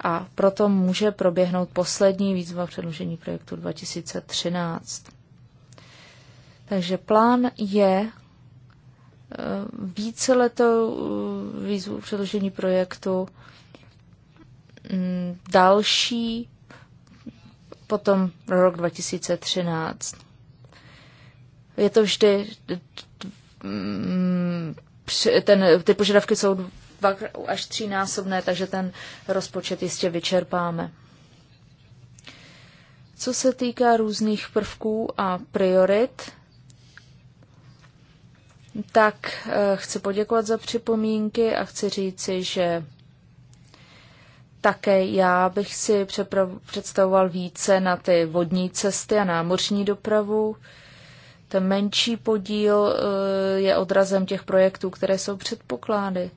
A proto může proběhnout poslední výzva předložení projektu 2013. Takže plán je eh, víceletou eh, výzvu předložení projektu, mm, další, potom rok 2013. Je to vždy, mm, ten, ty požadavky jsou dva až násobné, takže ten rozpočet jistě vyčerpáme. Co se týká různých prvků a priorit, tak eh, chci poděkovat za připomínky a chci říci, že také já bych si představoval více na ty vodní cesty a námořní dopravu. Ten menší podíl eh, je odrazem těch projektů, které jsou předpoklády.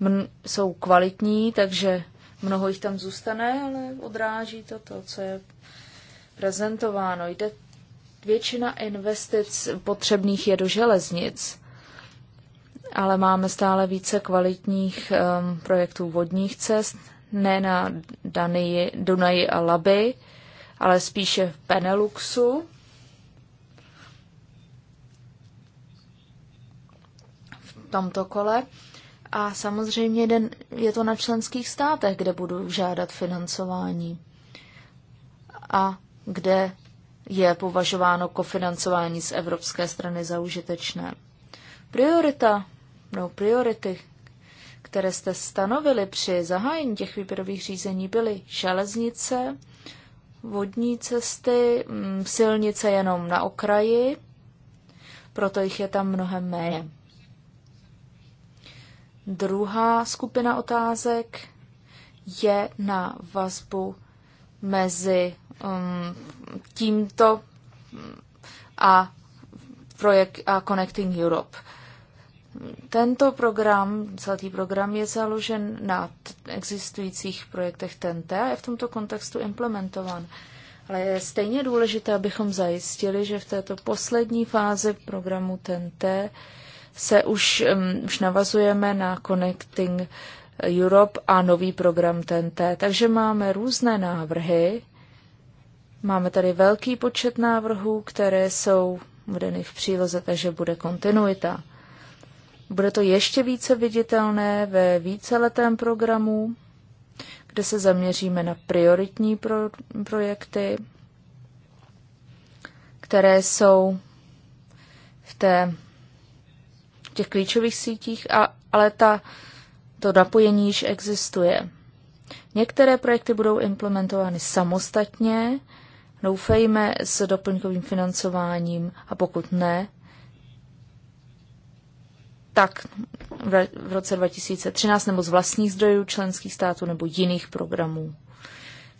Mn- jsou kvalitní, takže mnoho jich tam zůstane, ale odráží to, to co je prezentováno. Jde Většina investic potřebných je do železnic, ale máme stále více kvalitních um, projektů vodních cest, ne na Danii, Dunaji a Laby, ale spíše v Peneluxu, V tomto kole. A samozřejmě jeden, je to na členských státech, kde budu žádat financování a kde je považováno kofinancování z evropské strany za užitečné. Priorita, no priority, které jste stanovili při zahájení těch výběrových řízení, byly železnice, vodní cesty, mm, silnice jenom na okraji, proto jich je tam mnohem méně. Druhá skupina otázek je na vazbu mezi um, tímto a projekt a Connecting Europe. Tento program, celý program je založen na existujících projektech TNT a je v tomto kontextu implementovan. Ale je stejně důležité, abychom zajistili, že v této poslední fázi programu TNT se už, um, už navazujeme na Connecting Europe a nový program TNT. Takže máme různé návrhy, Máme tady velký počet návrhů, které jsou vedeny v příloze, takže bude kontinuita. Bude to ještě více viditelné ve víceletém programu, kde se zaměříme na prioritní pro, projekty, které jsou v, té, v těch klíčových sítích, a, ale ta, to napojení již existuje. Některé projekty budou implementovány samostatně, Doufejme s doplňkovým financováním a pokud ne, tak v roce 2013 nebo z vlastních zdrojů členských států nebo jiných programů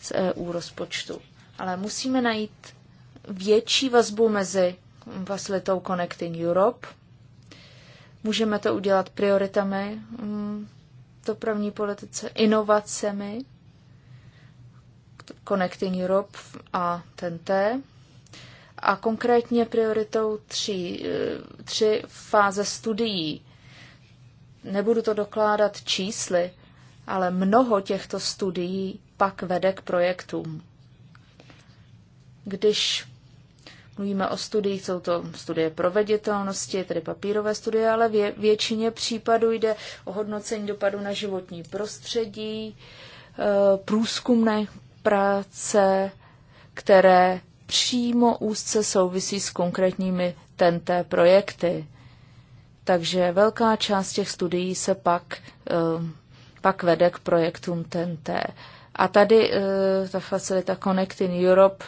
z EU rozpočtu. Ale musíme najít větší vazbu mezi facilitou Connecting Europe. Můžeme to udělat prioritami mm, dopravní politice, inovacemi Connecting Europe a TNT. A konkrétně prioritou tři, eh, tři fáze studií. Nebudu to dokládat čísly, ale mnoho těchto studií pak vede k projektům. Když mluvíme o studiích, jsou to studie proveditelnosti, tedy papírové studie, ale vě, většině případů jde o hodnocení dopadu na životní prostředí, eh, průzkumné práce, které přímo úzce souvisí s konkrétními TNT projekty. Takže velká část těch studií se pak, eh, pak vede k projektům TNT. A tady eh, ta facilita in Europe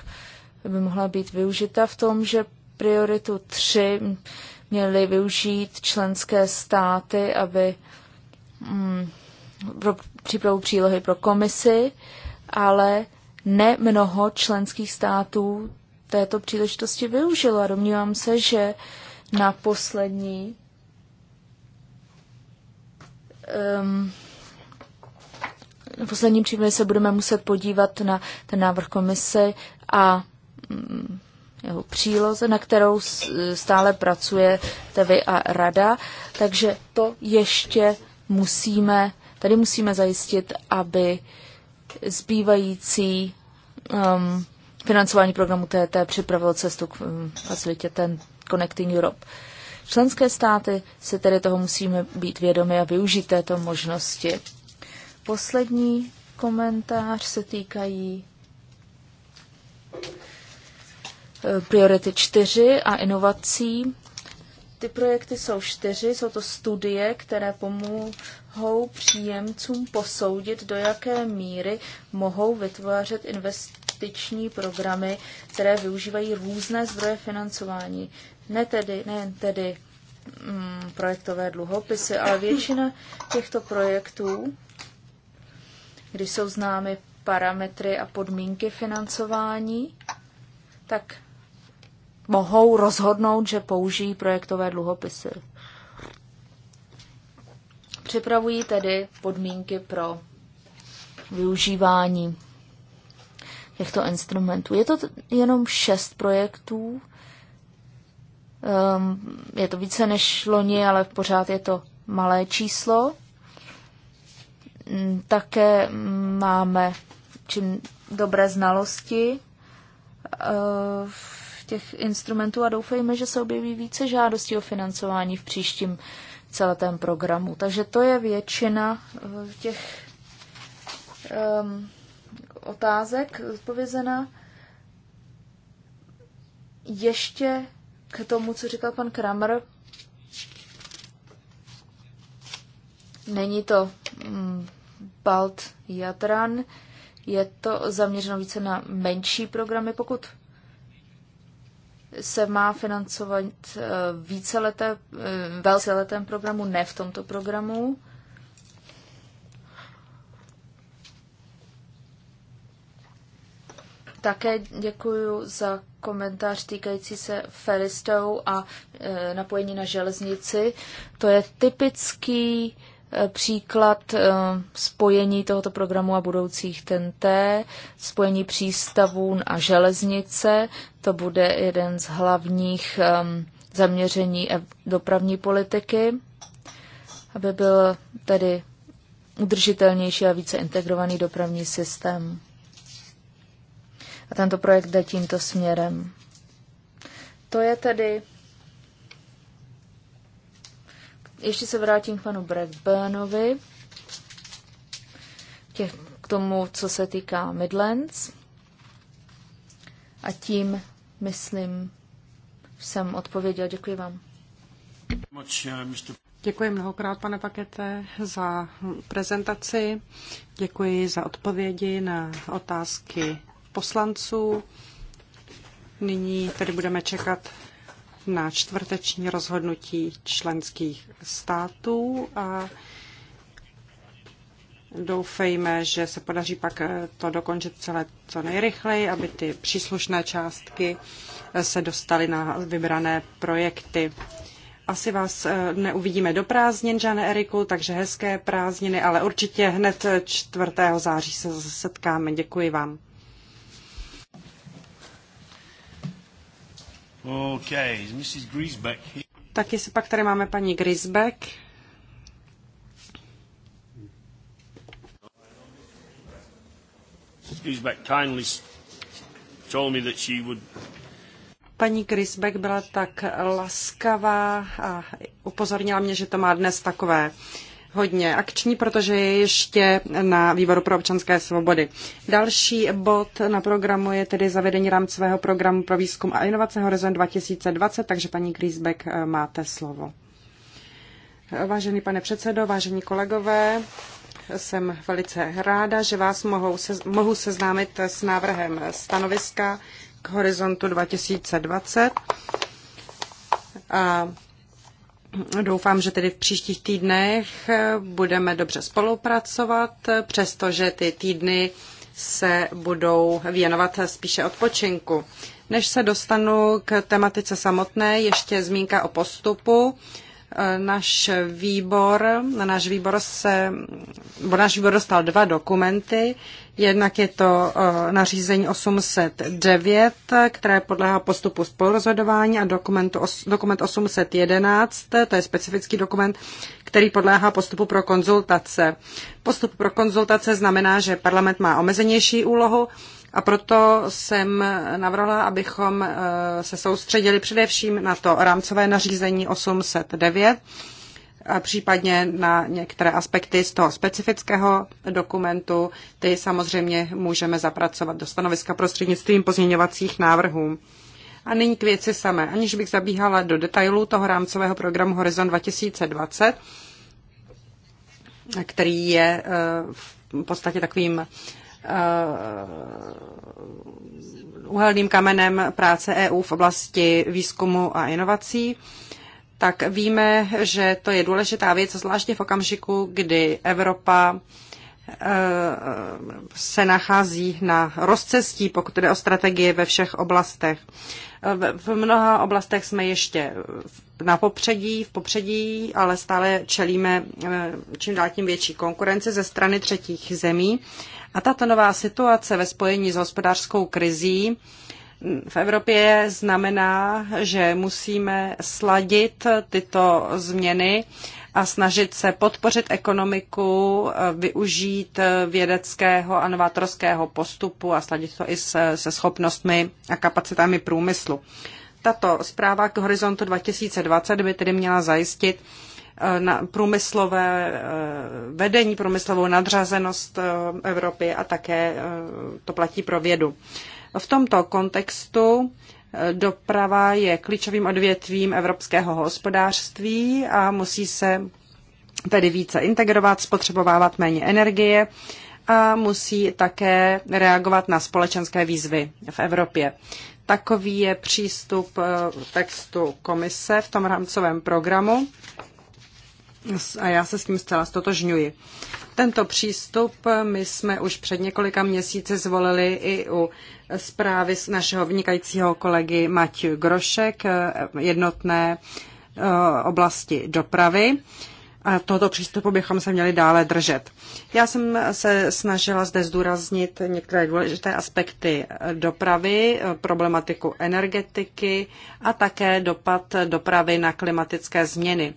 by mohla být využita v tom, že prioritu 3 měly využít členské státy, aby mm, pro přípravu přílohy pro komisi, ale ne mnoho členských států této příležitosti využilo. A domnívám se, že na poslední um, na posledním případě se budeme muset podívat na ten návrh komise a mm, jeho příloze, na kterou stále pracuje TV a rada. Takže to ještě musíme, tady musíme zajistit, aby uh, zbývající um, financování programu TT připravil cestu k um, facilitě ten Connecting Europe. Členské státy se tedy toho musíme být vědomi a využít této možnosti. Poslední komentář se týkají eh, priority 4 a inovací. Ty projekty jsou čtyři, jsou to studie, které pomohou příjemcům posoudit, do jaké míry mohou vytvářet investiční programy, které využívají různé zdroje financování. Ne tedy, ne tedy mm, projektové dluhopisy, ale většina těchto projektů, když jsou známy parametry a podmínky financování, tak mohou rozhodnout, že použijí projektové dluhopisy. Připravují tedy podmínky pro využívání těchto instrumentů. Je to jenom šest projektů, um, je to více než loni, ale pořád je to malé číslo. Mm, také máme čím dobré znalosti. Uh, těch instrumentů a doufejme, že se objeví více žádostí o financování v příštím celém programu. Takže to je většina eh, těch um, otázek odpovězena. Ještě k tomu, co říkal pan Kramer, není to um, Balt Jatran, je to zaměřeno více na menší programy. Pokud se má financovat eh, víceleté, eh, víceletém programu, ne v tomto programu. Také děkuji za komentář týkající se feristou a eh, napojení na železnici. To je typický příklad eh, spojení tohoto programu a budoucích TNT, spojení přístavů a železnice. To bude jeden z hlavních ehm, zaměření dopravní politiky, aby byl tedy udržitelnější a více integrovaný dopravní systém. A tento projekt jde tímto směrem. To je tedy ještě se vrátím k panu Brackburnovi k tomu, co se týká Midlands. A tím, myslím, jsem odpověděl. Děkuji vám. Děkuji mnohokrát, pane Pakete, za prezentaci. Děkuji za odpovědi na otázky poslanců. Nyní tedy budeme čekat na čtvrteční rozhodnutí členských států a doufejme, že se podaří pak eh, to dokončit celé co nejrychleji, aby ty příslušné částky eh, se dostaly na vybrané projekty. Asi vás eh, neuvidíme do prázdnin, Žane Eriku, takže hezké prázdniny, ale určitě hned 4. září se setkáme. Děkuji vám. Okay, Mrs. Griesbeck. Tak jestli pak tady máme paní Grisbeck. Grisbeck kindly told me that she would Paní Grisbeck byla tak laskavá a upozornila mě, že to má dnes takové uh, hodně akční, protože je ještě na Výboru pro občanské svobody. Další bod na programu je tedy zavedení rámcového programu pro výzkum a inovace Horizon 2020, takže paní Griesbeck eh, máte slovo. Vážený pane předsedo, vážení kolegové, jsem velice ráda, že vás mohou se, mohu seznámit s návrhem stanoviska k horizontu 2020. A Doufám, že tedy v příštích týdnech eh, budeme dobře spolupracovat, přestože ty týdny se budou věnovat spíše odpočinku. Než se dostanu k tematice samotné, ještě zmínka o postupu. E, náš výbor, na náš výbor se, bo náš výbor dostal dva dokumenty. Jednak je to e, nařízení 809, které podléhá postupu spolurozhodování a dokument, dokument 811, to je specifický dokument, který podléhá postupu pro konzultace. Postup pro konzultace znamená, že parlament má omezenější úlohu, a proto jsem navrhla, abychom eh, se soustředili především na to rámcové nařízení 809, a případně na některé aspekty z toho specifického dokumentu. Ty samozřejmě můžeme zapracovat do stanoviska prostřednictvím pozměňovacích návrhů. A nyní k věci samé. Aniž bych zabíhala do detailů toho rámcového programu Horizon 2020, který je eh, v podstatě takovým Eh, uhelným kamenem práce EU v oblasti výzkumu a inovací, tak víme, že to je důležitá věc, zvláště v okamžiku, kdy Evropa eh, se nachází na rozcestí, pokud jde o strategie ve všech oblastech. Eh, v mnoha oblastech jsme ještě na popředí, v popředí, ale stále čelíme čím dál tím větší konkurence ze strany třetích zemí. A tato nová situace ve spojení s hospodářskou krizí v Evropě znamená, že musíme sladit tyto změny a snažit se podpořit ekonomiku, využít vědeckého a novátorského postupu a sladit to i se, se schopnostmi a kapacitami průmyslu. Tato zpráva k horizontu 2020 by tedy měla zajistit, Eh, na průmyslové eh, vedení, průmyslovou nadřazenost eh, Evropy a také to platí pro vědu. V tomto kontextu doprava je klíčovým odvětvím evropského hospodářství a musí se tedy více integrovat, spotřebovávat méně energie a musí také reagovat na společenské výzvy v Evropě. Takový je přístup textu komise v tom rámcovém programu a já se s tím zcela stotožňuji. Tento přístup my jsme už před několika měsíci zvolili i u zprávy z našeho vynikajícího kolegy Matěj Grošek, jednotné eh, oblasti dopravy. A tohoto přístupu bychom se měli dále držet. Já jsem se snažila zde zdůraznit některé důležité aspekty dopravy, problematiku energetiky a také dopad dopravy na klimatické změny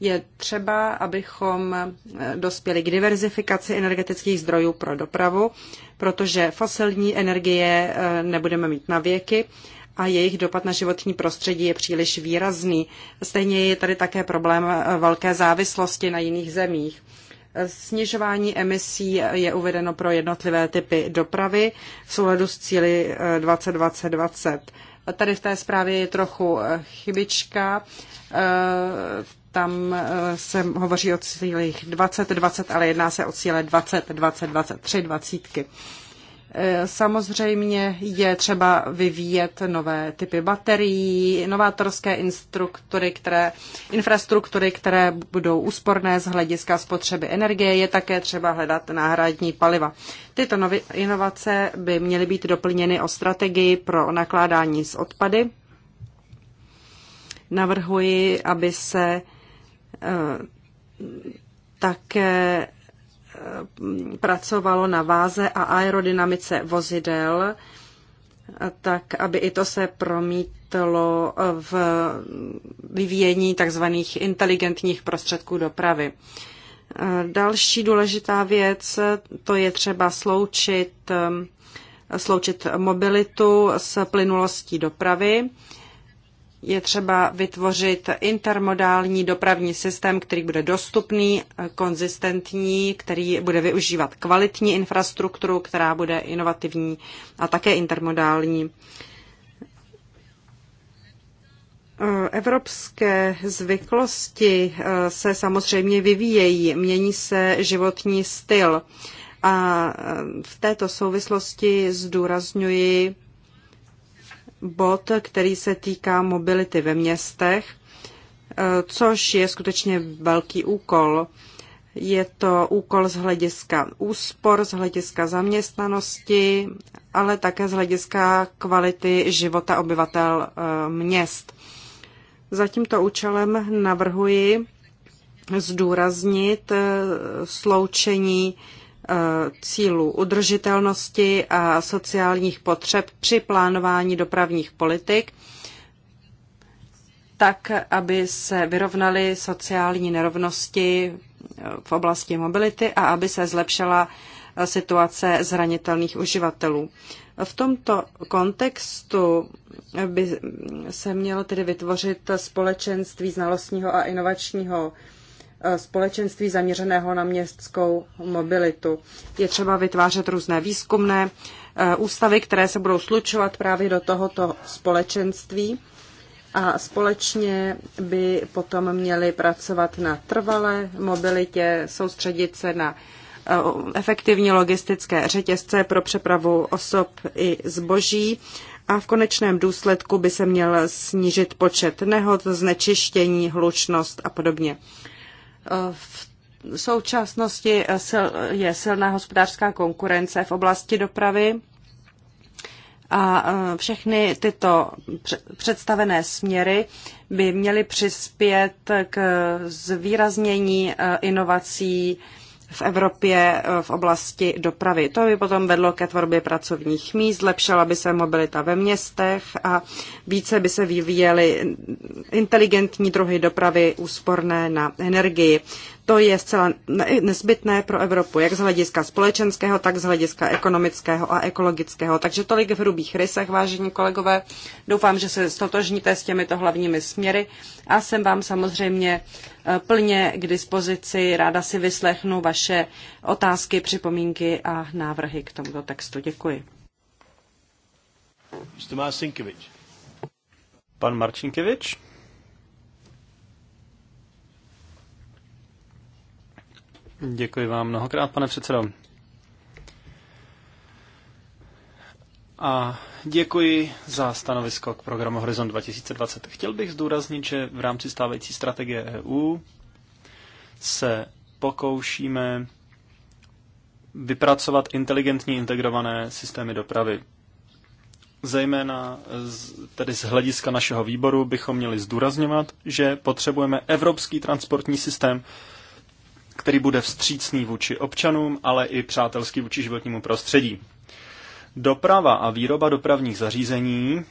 je třeba, abychom eh, dospěli k diverzifikaci energetických zdrojů pro dopravu, protože fosilní energie eh, nebudeme mít na věky a jejich dopad na životní prostředí je příliš výrazný. Stejně je tady také problém eh, velké závislosti na jiných zemích. Snižování emisí je uvedeno pro jednotlivé typy dopravy v souladu s cíly 2020-2020. Tady v té zprávě je trochu chybička tam eh, se hovoří o cílech 20, 20, ale jedná se o cíle 20, 20, 23, 20. Samozřejmě je třeba vyvíjet nové typy baterií, novátorské instruktury, které, infrastruktury, které budou úsporné z hlediska spotřeby energie. Je také třeba hledat náhradní paliva. Tyto nové inovace by měly být doplněny o strategii pro nakládání s odpady. Navrhuji, aby se také eh, pracovalo na váze a aerodynamice vozidel, tak aby i to se promítlo v vyvíjení tzv. inteligentních prostředků dopravy. Eh, další důležitá věc, to je třeba sloučit, eh, sloučit mobilitu s plynulostí dopravy je třeba vytvořit intermodální dopravní systém, který bude dostupný, konzistentní, který bude využívat kvalitní infrastrukturu, která bude inovativní a také intermodální. Evropské zvyklosti eh, se samozřejmě vyvíjejí, mění se životní styl. A eh, v této souvislosti zdůrazňuji bod, který se týká mobility ve městech, e, což je skutečně velký úkol. Je to úkol z hlediska úspor, z hlediska zaměstnanosti, ale také z hlediska kvality života obyvatel e, měst. Za tímto účelem navrhuji zdůraznit e, sloučení Eh, cílů udržitelnosti a sociálních potřeb při plánování dopravních politik, tak, aby se vyrovnaly sociální nerovnosti eh, v oblasti mobility a aby se zlepšila eh, situace zranitelných uživatelů. V tomto kontextu by se mělo tedy vytvořit společenství znalostního a inovačního Eh, společenství zaměřeného na městskou mobilitu. Je třeba vytvářet různé výzkumné eh, ústavy, které se budou slučovat právě do tohoto společenství a společně by potom měli pracovat na trvalé mobilitě, soustředit se na eh, efektivní logistické řetězce pro přepravu osob i zboží a v konečném důsledku by se měl snížit počet nehod, znečištění, hlučnost a podobně. V současnosti je silná hospodářská konkurence v oblasti dopravy a e, všechny tyto představené směry by měly přispět k zvýraznění e, inovací v Evropě eh, v oblasti dopravy. To by potom vedlo ke tvorbě pracovních míst, zlepšila by se mobilita ve městech a více by se vyvíjely mm, inteligentní druhy dopravy úsporné na energii. To je zcela nezbytné pro Evropu, jak z hlediska společenského, tak z hlediska ekonomického a ekologického. Takže tolik v hrubých rysech, vážení kolegové. Doufám, že se stotožníte s těmito hlavními směry a jsem vám samozřejmě eh, plně k dispozici. Ráda si vyslechnu vaše otázky, připomínky a návrhy k tomuto textu. Děkuji. Mr. Pan Marcinkevič. Děkuji vám mnohokrát, pane předsedo. A děkuji za stanovisko k programu Horizon 2020. Chtěl bych zdůraznit, že v rámci stávající strategie EU se pokoušíme vypracovat inteligentní integrované systémy dopravy. Zejména z, tedy z hlediska našeho výboru bychom měli zdůrazňovat, že potřebujeme evropský transportní systém, který bude vstřícný vůči občanům, ale i přátelský vůči životnímu prostředí. Doprava a výroba dopravních zařízení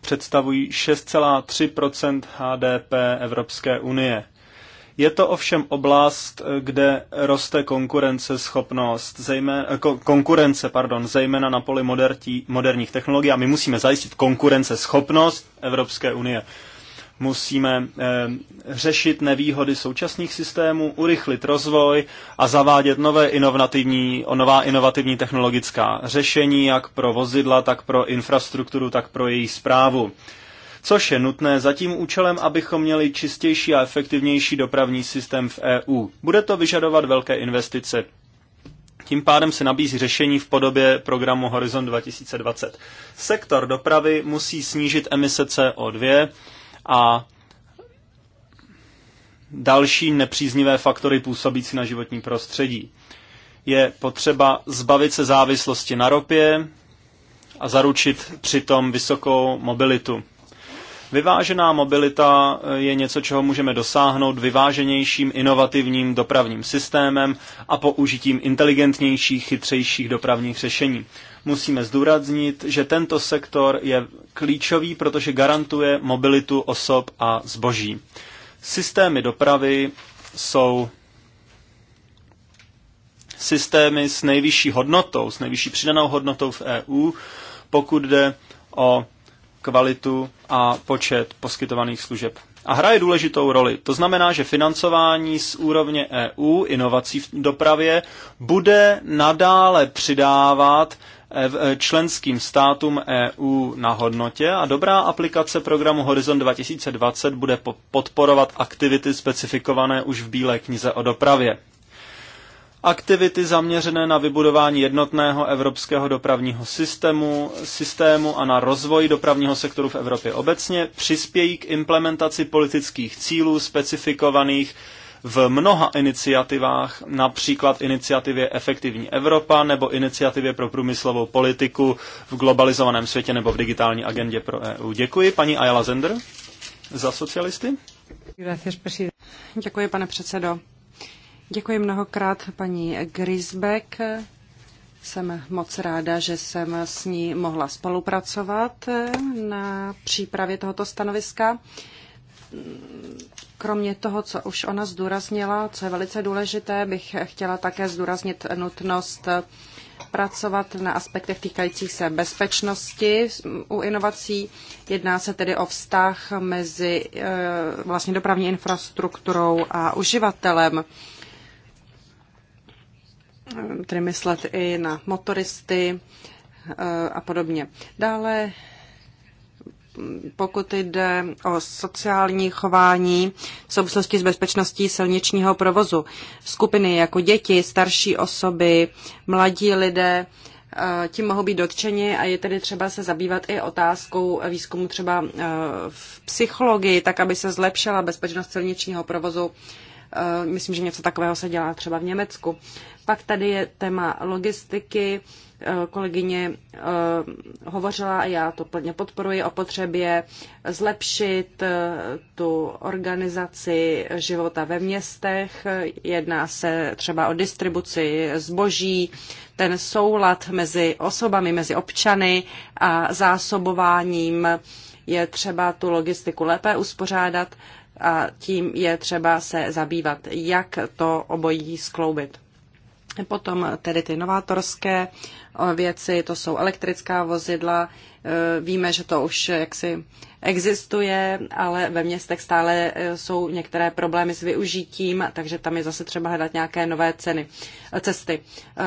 představují 6,3 HDP Evropské unie. Je to ovšem oblast, kde roste konkurenceschopnost, zejména, konkurence, pardon, zejména na poli moderní, moderních technologií a my musíme zajistit konkurenceschopnost Evropské unie. Musíme eh, řešit nevýhody současných systémů, urychlit rozvoj a zavádět nové inovativní, nová inovativní technologická řešení, jak pro vozidla, tak pro infrastrukturu, tak pro její zprávu což je nutné za tím účelem, abychom měli čistější a efektivnější dopravní systém v EU. Bude to vyžadovat velké investice. Tím pádem se nabízí řešení v podobě programu Horizon 2020. Sektor dopravy musí snížit emise CO2 a další nepříznivé faktory působící na životní prostředí. Je potřeba zbavit se závislosti na ropě a zaručit přitom vysokou mobilitu. Vyvážená mobilita eh, je něco, čeho můžeme dosáhnout vyváženějším, inovativním dopravním systémem a použitím inteligentnějších, chytřejších dopravních řešení. Musíme zdůraznit, že tento sektor je klíčový, protože garantuje mobilitu osob a zboží. Systémy dopravy jsou systémy s nejvyšší hodnotou, s nejvyšší přidanou hodnotou v EU, pokud jde o kvalitu a počet poskytovaných služeb. A hraje důležitou roli. To znamená, že financování z úrovně EU, inovací v dopravě, bude nadále přidávat eh, eh, členským státům EU na hodnotě a dobrá aplikace programu Horizon 2020 bude podporovat aktivity specifikované už v Bílé knize o dopravě aktivity zaměřené na vybudování jednotného evropského dopravního systému, systému a na rozvoj dopravního sektoru v Evropě obecně přispějí k implementaci politických cílů specifikovaných v mnoha iniciativách, například iniciativě Efektivní Evropa nebo iniciativě pro průmyslovou politiku v globalizovaném světě nebo v digitální agendě pro EU. Děkuji paní Ayala Zender za socialisty. Děkuji, pane předsedo. Děkuji mnohokrát paní Grisbeck. Jsem moc ráda, že jsem s ní mohla spolupracovat na přípravě tohoto stanoviska. Kromě toho, co už ona zdůraznila, co je velice důležité, bych chtěla také zdůraznit nutnost pracovat na aspektech týkajících se bezpečnosti u inovací. Jedná se tedy o vztah mezi eh, vlastně dopravní infrastrukturou a uživatelem. Eh, tedy myslet i na motoristy eh, a podobně. Dále, pokud jde o sociální chování v souvislosti s bezpečností silničního provozu, skupiny jako děti, starší osoby, mladí lidé, eh, tím mohou být dotčeni a je tedy třeba se zabývat i otázkou výzkumu třeba v psychologii, tak aby se zlepšila bezpečnost silničního provozu. Myslím, že něco takového se dělá třeba v Německu. Pak tady je téma logistiky. E, kolegyně e, hovořila, a já to plně podporuji, o potřebě zlepšit e, tu organizaci života ve městech. Jedná se třeba o distribuci zboží, ten soulad mezi osobami, mezi občany a zásobováním je třeba tu logistiku lépe uspořádat a tím je třeba se zabývat, jak to obojí skloubit. Potom eh, tedy ty novátorské eh, věci, to jsou elektrická vozidla. Eh, víme, že to už jaksi existuje, ale ve městech stále jsou některé problémy s využitím, takže tam je zase třeba hledat nějaké nové ceny, cesty.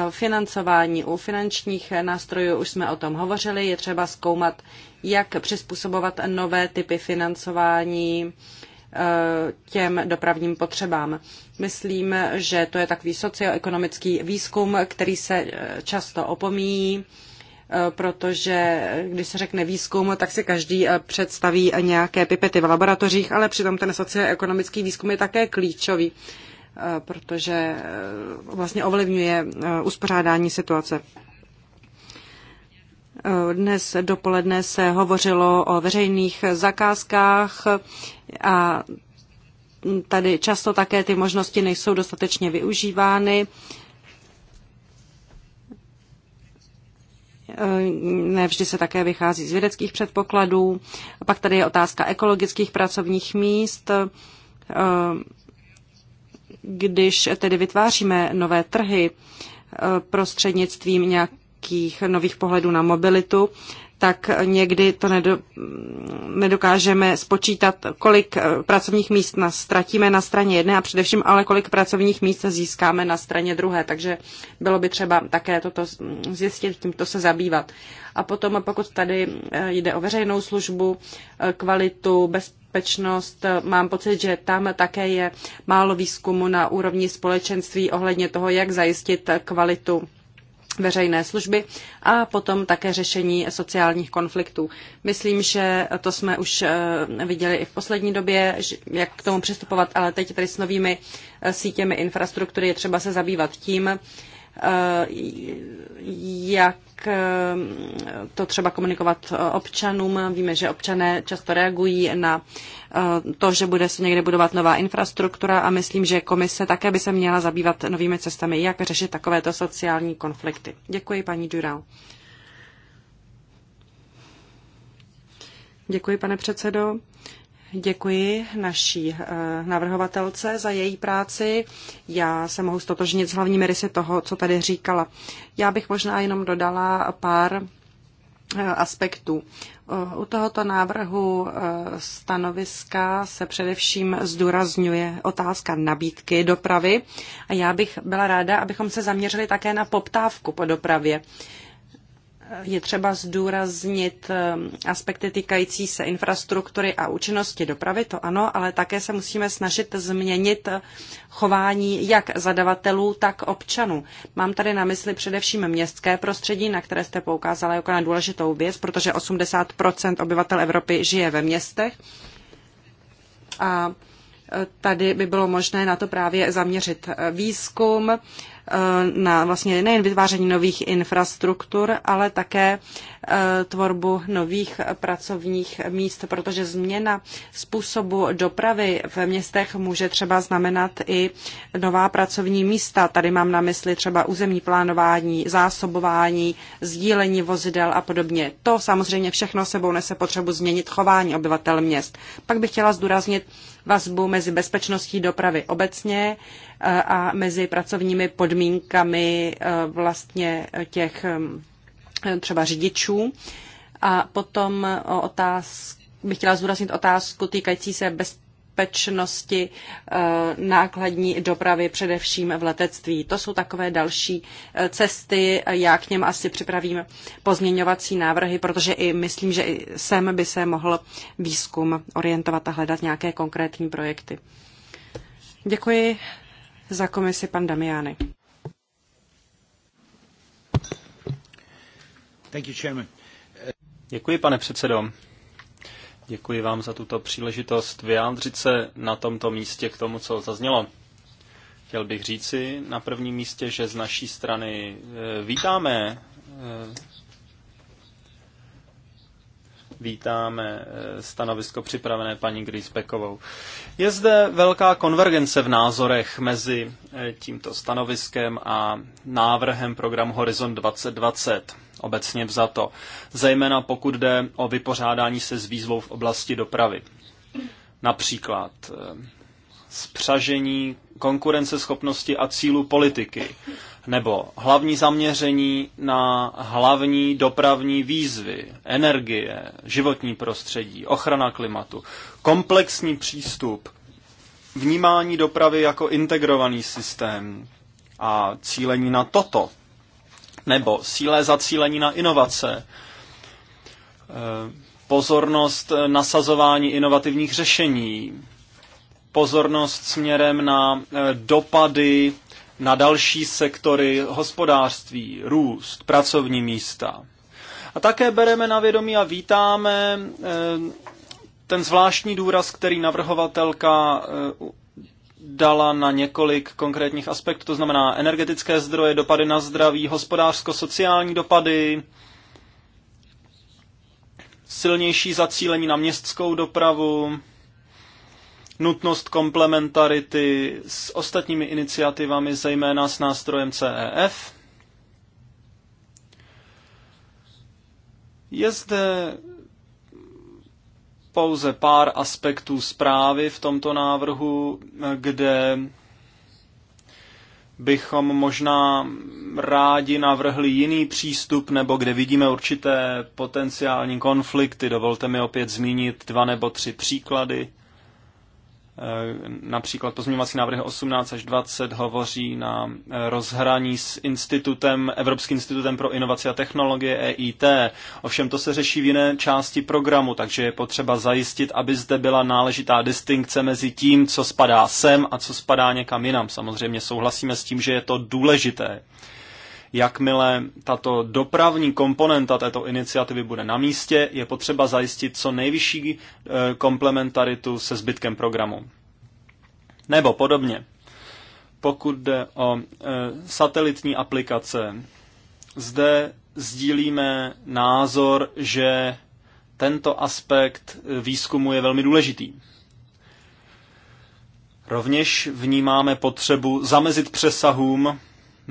Financování u finančních nástrojů už jsme o tom hovořili, je třeba zkoumat, jak přizpůsobovat nové typy financování těm dopravním potřebám. Myslím, že to je takový socioekonomický výzkum, který se eh, často opomíjí eh, protože když se řekne výzkum, tak si každý eh, představí nějaké pipety v laboratořích, ale přitom ten socioekonomický výzkum je také klíčový, protože vlastně ovlivňuje uspořádání situace. Dnes dopoledne se hovořilo o veřejných zakázkách a tady často také ty možnosti nejsou dostatečně využívány. nevždy se také vychází z vědeckých předpokladů. Pak tady je otázka ekologických pracovních míst. Když tedy vytváříme nové trhy prostřednictvím nějakých nových pohledů na mobilitu, tak někdy to nedo, nedokážeme spočítat, kolik eh, pracovních míst ztratíme na straně jedné a především ale kolik pracovních míst získáme na straně druhé. Takže bylo by třeba také toto zjistit, tímto se zabývat. A potom, pokud tady eh, jde o veřejnou službu, eh, kvalitu, bezpečnost, mám pocit, že tam také je málo výzkumu na úrovni společenství ohledně toho, jak zajistit kvalitu veřejné služby a potom také řešení sociálních konfliktů. Myslím, že to jsme už eh, viděli i v poslední době, jak k tomu přistupovat, ale teď tady s novými eh, sítěmi infrastruktury je třeba se zabývat tím, eh, jak Eh, to třeba komunikovat eh, občanům. Víme, že občané často reagují na eh, to, že bude se někde budovat nová infrastruktura a myslím, že komise také by se měla zabývat novými cestami, jak řešit takovéto sociální konflikty. Děkuji, paní Dural. Děkuji, pane předsedo. Děkuji naší eh, navrhovatelce za její práci. Já se mohu stotožnit s hlavními rysy toho, co tady říkala. Já bych možná jenom dodala pár eh, aspektů. Eh, u tohoto návrhu stanoviska se především zdůrazňuje otázka nabídky dopravy a já bych byla ráda, abychom se zaměřili také na poptávku po dopravě je třeba zdůraznit ehm, aspekty týkající se infrastruktury a účinnosti dopravy, to ano, ale také se musíme snažit změnit chování jak zadavatelů, tak občanů. Mám tady na mysli především městské prostředí, na které jste poukázala jako na důležitou věc, protože 80 obyvatel Evropy žije ve městech. A e, tady by bylo možné na to právě zaměřit e, výzkum, Eh, na vlastně nejen vytváření nových infrastruktur, ale také eh, tvorbu nových pracovních míst, protože změna způsobu dopravy v městech může třeba znamenat i nová pracovní místa. Tady mám na mysli třeba územní plánování, zásobování, sdílení vozidel a podobně. To samozřejmě všechno sebou nese potřebu změnit chování obyvatel měst. Pak bych chtěla zdůraznit vazbu mezi bezpečností dopravy obecně eh, a mezi pracovními podmínkami eh, vlastně těch hm, třeba řidičů. A potom otázka bych chtěla zúraznit otázku týkající se bez, bezpečnosti eh, nákladní dopravy, především v letectví. To jsou takové další eh, cesty. Já k něm asi připravím pozměňovací návrhy, protože i myslím, že i sem by se mohl výzkum orientovat a hledat nějaké konkrétní projekty. Děkuji za komisi pan Damiány. Děkuji, pane předsedo. Děkuji vám za tuto příležitost vyjádřit se na tomto místě k tomu, co zaznělo. Chtěl bych říci na prvním místě, že z naší strany eh, vítáme eh, vítáme eh, stanovisko připravené paní Grisbekovou. Je zde velká konvergence v názorech mezi eh, tímto stanoviskem a návrhem programu Horizon 2020 obecně vzato, zejména pokud jde o vypořádání se s výzvou v oblasti dopravy. Například spřažení eh, konkurenceschopnosti a cílu politiky, nebo hlavní zaměření na hlavní dopravní výzvy, energie, životní prostředí, ochrana klimatu, komplexní přístup, vnímání dopravy jako integrovaný systém a cílení na toto, nebo síle zacílení na inovace, e, pozornost nasazování inovativních řešení, pozornost směrem na e, dopady na další sektory hospodářství, růst, pracovní místa. A také bereme na vědomí a vítáme eh, ten zvláštní důraz, který navrhovatelka eh, dala na několik konkrétních aspektů, to znamená energetické zdroje, dopady na zdraví, hospodářsko-sociální dopady, silnější zacílení na městskou dopravu, nutnost komplementarity s ostatními iniciativami, zejména s nástrojem CEF. Je zde pouze pár aspektů zprávy v tomto návrhu, kde bychom možná rádi navrhli jiný přístup, nebo kde vidíme určité potenciální konflikty. Dovolte mi opět zmínit dva nebo tři příklady. Například pozměňovací návrhy 18 až 20 hovoří na rozhraní s institutem, Evropským institutem pro inovaci a technologie EIT. Ovšem to se řeší v jiné části programu, takže je potřeba zajistit, aby zde byla náležitá distinkce mezi tím, co spadá sem a co spadá někam jinam. Samozřejmě souhlasíme s tím, že je to důležité. Jakmile tato dopravní komponenta této iniciativy bude na místě, je potřeba zajistit co nejvyšší eh, komplementaritu se zbytkem programu. Nebo podobně. Pokud jde o eh, satelitní aplikace, zde sdílíme názor, že tento aspekt eh, výzkumu je velmi důležitý. Rovněž vnímáme potřebu zamezit přesahům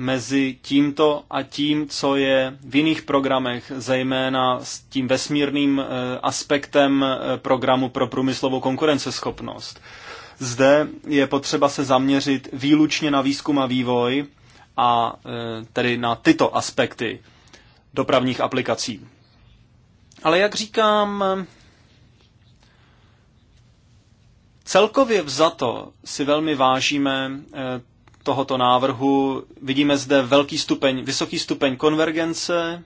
mezi tímto a tím, co je v jiných programech, zejména s tím vesmírným eh, aspektem eh, programu pro průmyslovou konkurenceschopnost. Zde je potřeba se zaměřit výlučně na výzkum a vývoj a eh, tedy na tyto aspekty dopravních aplikací. Ale jak říkám, celkově vzato si velmi vážíme tohoto návrhu. Vidíme zde velký stupeň, vysoký stupeň konvergence.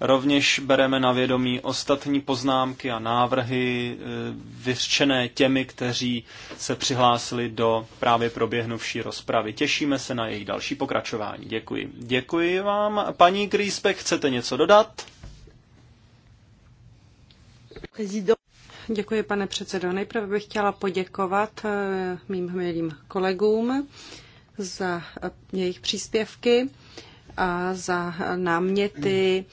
Rovněž bereme na vědomí ostatní poznámky a návrhy e, vyřčené těmi, kteří se přihlásili do právě proběhnuvší rozpravy. Těšíme se na jejich další pokračování. Děkuji. Děkuji vám. Paní Griesbeck, chcete něco dodat? Prezident. Děkuji, pane předsedo. Nejprve bych chtěla poděkovat eh, mým milým kolegům za eh, jejich příspěvky a za náměty,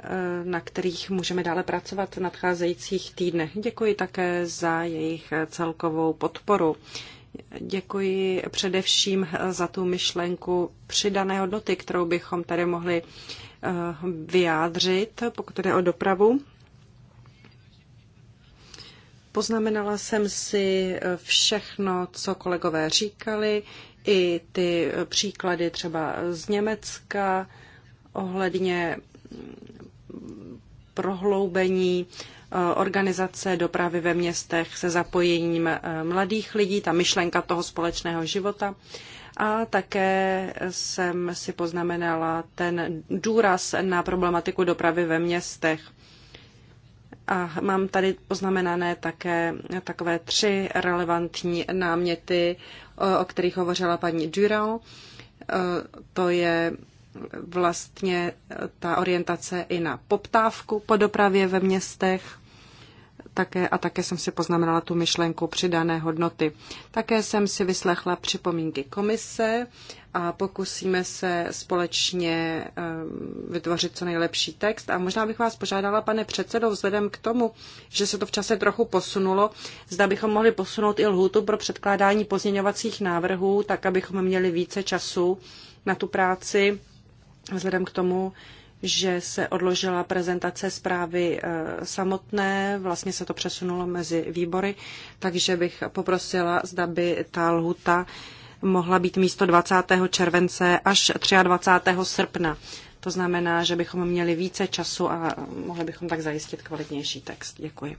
eh, na kterých můžeme dále pracovat v nadcházejících týdnech. Děkuji také za jejich celkovou podporu. Děkuji především za tu myšlenku přidané hodnoty, kterou bychom tady mohli vyjádřit, pokud jde o dopravu. Poznamenala jsem si eh, všechno, co kolegové říkali, i ty eh, příklady třeba z Německa ohledně mm, prohloubení eh, organizace dopravy ve městech se zapojením mladých lidí, ta myšlenka toho společného života. A také jsem si poznamenala ten důraz na problematiku dopravy ve městech. A mám tady poznamenané také takové tři relevantní náměty, o kterých hovořila paní Dural. E, to je vlastně ta orientace i na poptávku po dopravě ve městech také a také jsem si poznamenala tu myšlenku přidané hodnoty. Také jsem si vyslechla připomínky komise a pokusíme se společně eh, vytvořit co nejlepší text. A možná bych vás požádala, pane předsedo, vzhledem k tomu, že se to v čase trochu posunulo, zda bychom mohli posunout i lhůtu pro předkládání pozměňovacích návrhů, tak abychom měli více času na tu práci, vzhledem k tomu, že se odložila prezentace zprávy eh, samotné, vlastně se to přesunulo mezi výbory, takže bych poprosila, zda by ta lhuta mohla být místo 20. července až 23. srpna. To znamená, že bychom měli více času a mohli bychom tak zajistit kvalitnější text. Děkuji.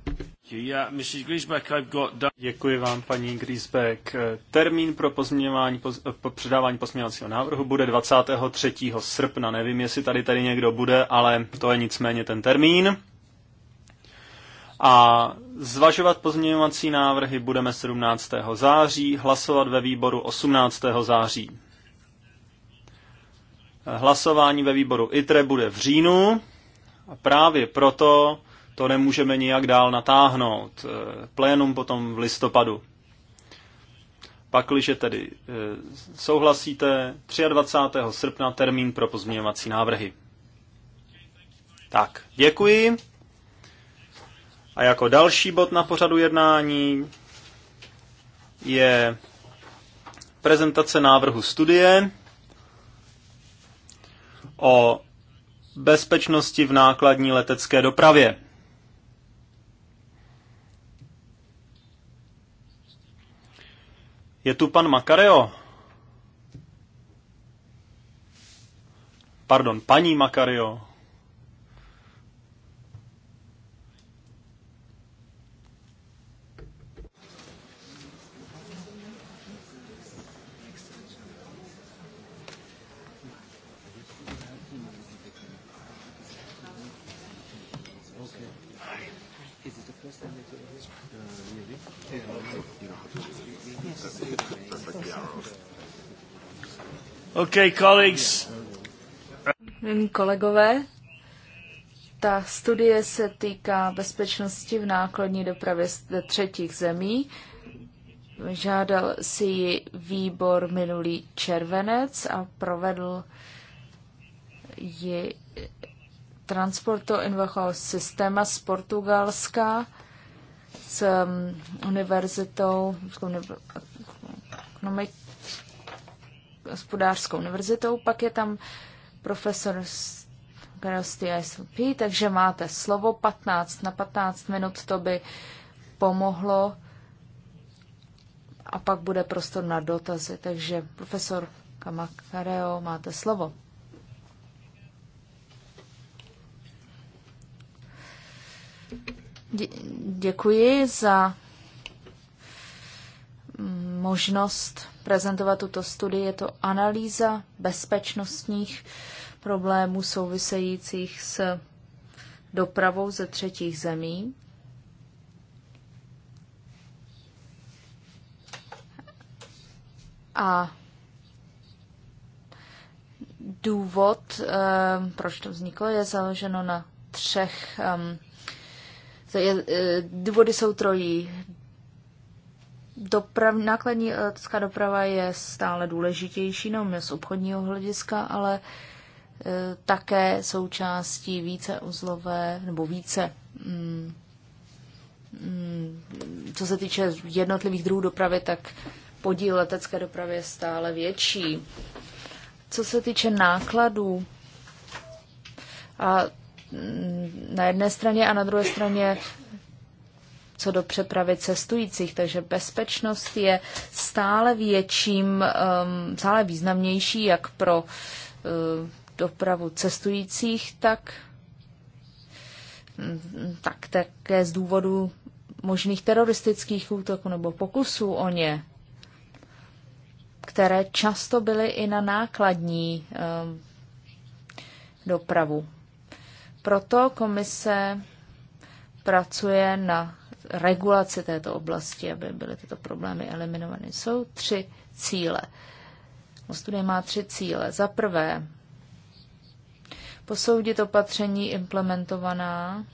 Děkuji vám, paní Griesbeck. Termín pro pozměňování, po předávání pozměňovacího návrhu bude 23. srpna. Nevím, jestli tady tady někdo bude, ale to je nicméně ten termín. A zvažovat pozměňovací návrhy budeme 17. září, hlasovat ve výboru 18. září. Hlasování ve výboru ITRE bude v říjnu a právě proto to nemůžeme nijak dál natáhnout. Eh, plénum potom v listopadu. Pakliže tedy eh, souhlasíte, 23. srpna termín pro pozměňovací návrhy. Tak, děkuji. A jako další bod na pořadu jednání je prezentace návrhu studie o bezpečnosti v nákladní letecké dopravě. Je tu pan Makareo? Pardon, paní Makario. Okay, colleagues. Kolegové, ta studie se týká bezpečnosti v nákladní dopravě ze třetích zemí. Žádal si ji výbor minulý červenec a provedl ji Transporto Invajo Sistema z Portugalska s um, univerzitou hospodářskou univerzitou, pak je tam profesor Garosty ISP, takže máte slovo 15 na 15 minut, to by pomohlo a pak bude prostor na dotazy. Takže profesor Kamakareo, máte slovo. děkuji za možnost prezentovat tuto studii. Je to analýza bezpečnostních problémů souvisejících s dopravou ze třetích zemí. A důvod, eh, proč to vzniklo, je založeno na třech. Ehm, eh, důvody jsou trojí doprav, nákladní eh, letecká doprava je stále důležitější no, z obchodního hlediska, ale eh, také součástí více uzlové nebo více mm, mm, co se týče jednotlivých druhů dopravy, tak podíl letecké dopravy je stále větší. Co se týče nákladů, a mm, na jedné straně a na druhé straně co do přepravy cestujících. Takže bezpečnost je stále větším, um, stále významnější jak pro uh, dopravu cestujících, tak, mm, tak také z důvodu možných teroristických útoků nebo pokusů o ně, které často byly i na nákladní um, dopravu. Proto komise pracuje na regulaci této oblasti, aby byly tyto problémy eliminovány. Jsou tři cíle. Studie má tři cíle. Za prvé, posoudit opatření implementovaná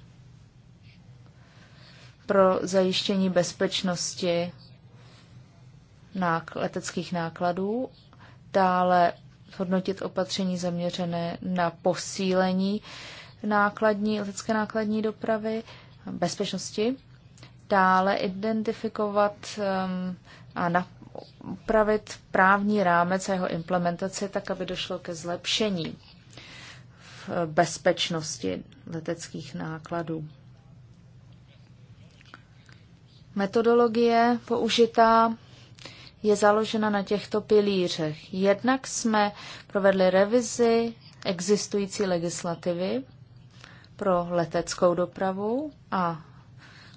pro zajištění bezpečnosti leteckých nákladů, dále hodnotit opatření zaměřené na posílení nákladní, letecké nákladní dopravy, bezpečnosti dále identifikovat um, a napravit právní rámec a jeho implementaci tak, aby došlo ke zlepšení v bezpečnosti leteckých nákladů. Metodologie použitá je založena na těchto pilířech. Jednak jsme provedli revizi existující legislativy pro leteckou dopravu a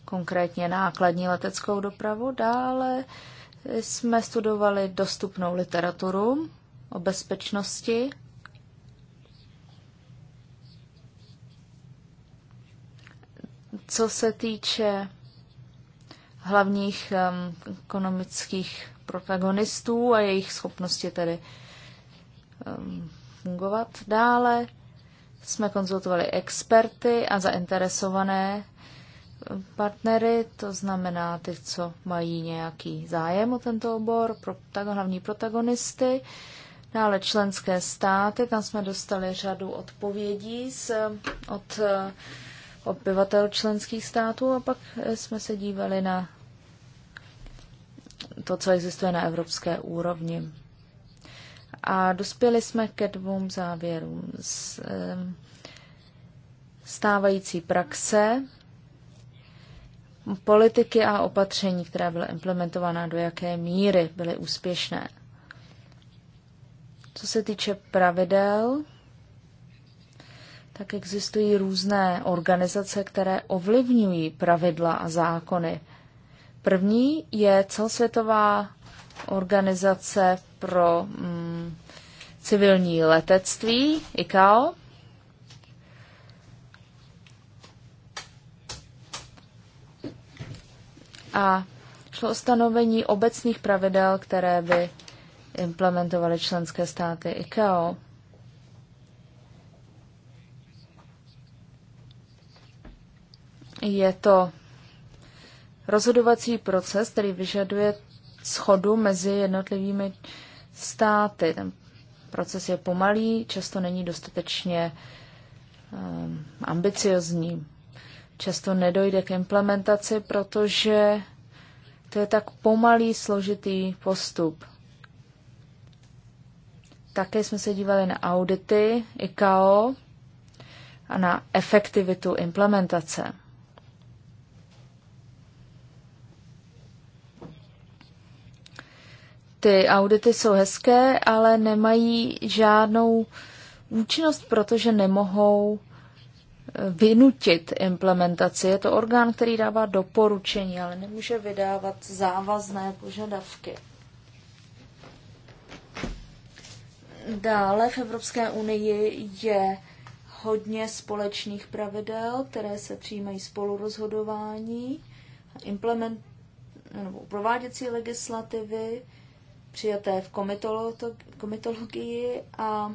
konkrétně nákladní leteckou dopravu. Dále jsme studovali dostupnou literaturu o bezpečnosti. Co se týče hlavních um, ekonomických protagonistů a jejich schopnosti tedy um, fungovat dále, jsme konzultovali experty a zainteresované partnery, to znamená ty, co mají nějaký zájem o tento obor, protagon, hlavní protagonisty, dále členské státy, tam jsme dostali řadu odpovědí z, od eh, obyvatel členských států a pak eh, jsme se dívali na to, co existuje na evropské úrovni. A dospěli jsme ke dvou závěrům. Eh, stávající praxe politiky a opatření, která byla implementována, do jaké míry byly úspěšné. Co se týče pravidel, tak existují různé organizace, které ovlivňují pravidla a zákony. První je celosvětová organizace pro mm, civilní letectví ICAO, a šlo o stanovení obecných pravidel, které by implementovaly členské státy ICAO. Je to rozhodovací proces, který vyžaduje schodu mezi jednotlivými státy. Ten proces je pomalý, často není dostatečně um, ambiciozní. Často nedojde k implementaci, protože to je tak pomalý, složitý postup. Také jsme se dívali na audity ICAO a na efektivitu implementace. Ty audity jsou hezké, ale nemají žádnou účinnost, protože nemohou vynutit implementaci. Je to orgán, který dává doporučení, ale nemůže vydávat závazné požadavky. Dále v Evropské unii je hodně společných pravidel, které se přijímají spolurozhodování, implement, nebo prováděcí legislativy, přijaté v komitologii a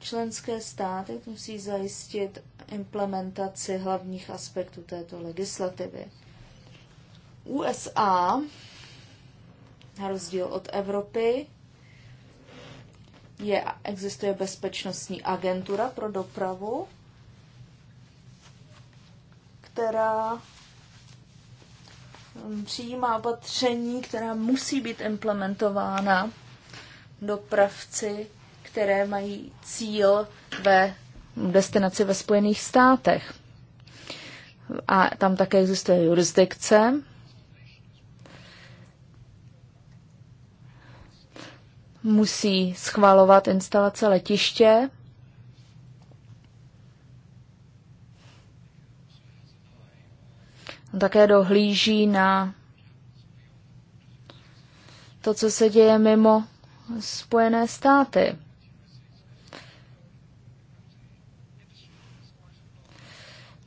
členské státy musí zajistit implementaci hlavních aspektů této legislativy. USA, na rozdíl od Evropy, je, existuje bezpečnostní agentura pro dopravu, která um, přijímá opatření, která musí být implementována dopravci, které mají cíl ve destinaci ve Spojených státech. A tam také existuje jurisdikce. Musí schvalovat instalace letiště. Také dohlíží na to, co se děje mimo Spojené státy.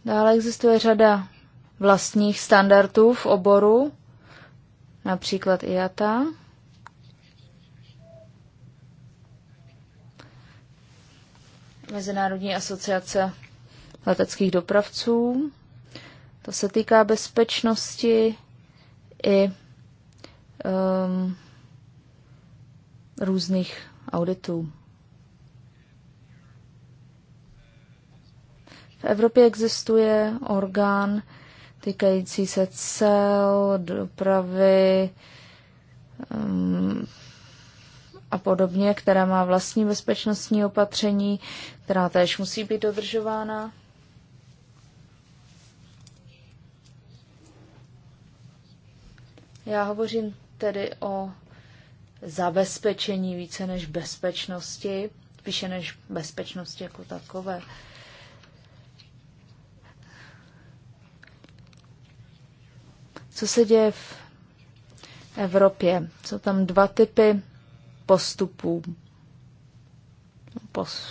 Dále existuje řada vlastních standardů v oboru, například IATA. Mezinárodní asociace leteckých dopravců. To se týká bezpečnosti i um, různých auditů. Evropě existuje orgán týkající se cel, dopravy um, a podobně, která má vlastní bezpečnostní opatření, která též musí být dodržována. Já hovořím tedy o zabezpečení více než bezpečnosti, spíše než bezpečnosti jako takové. Co se děje v Evropě? Jsou tam dva typy postupů. Pos...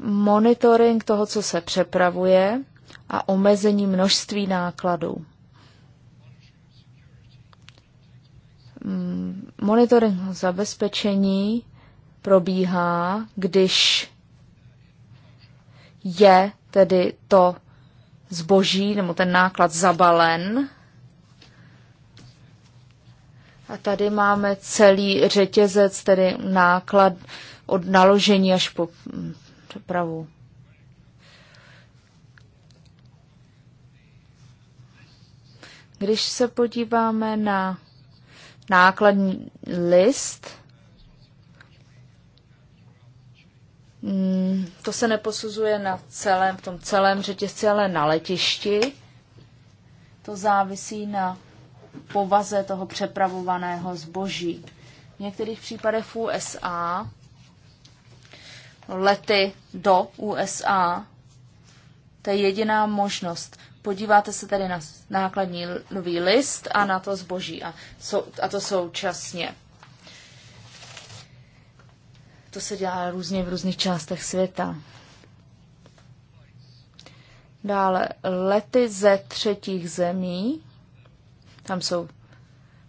Monitoring toho, co se přepravuje a omezení množství nákladů. Mm, monitoring zabezpečení probíhá, když je tedy to zboží nebo ten náklad zabalen. A tady máme celý řetězec, tedy náklad od naložení až po přepravu. Když se podíváme na nákladní list, Mm, to se neposuzuje na celém, v tom celém řetězci, ale na letišti. To závisí na povaze toho přepravovaného zboží. V některých případech v USA lety do USA, to je jediná možnost. Podíváte se tedy na nákladní nový list a na to zboží a, sou, a to současně. To se dělá různě v různých částech světa. Dále lety ze třetích zemí. Tam jsou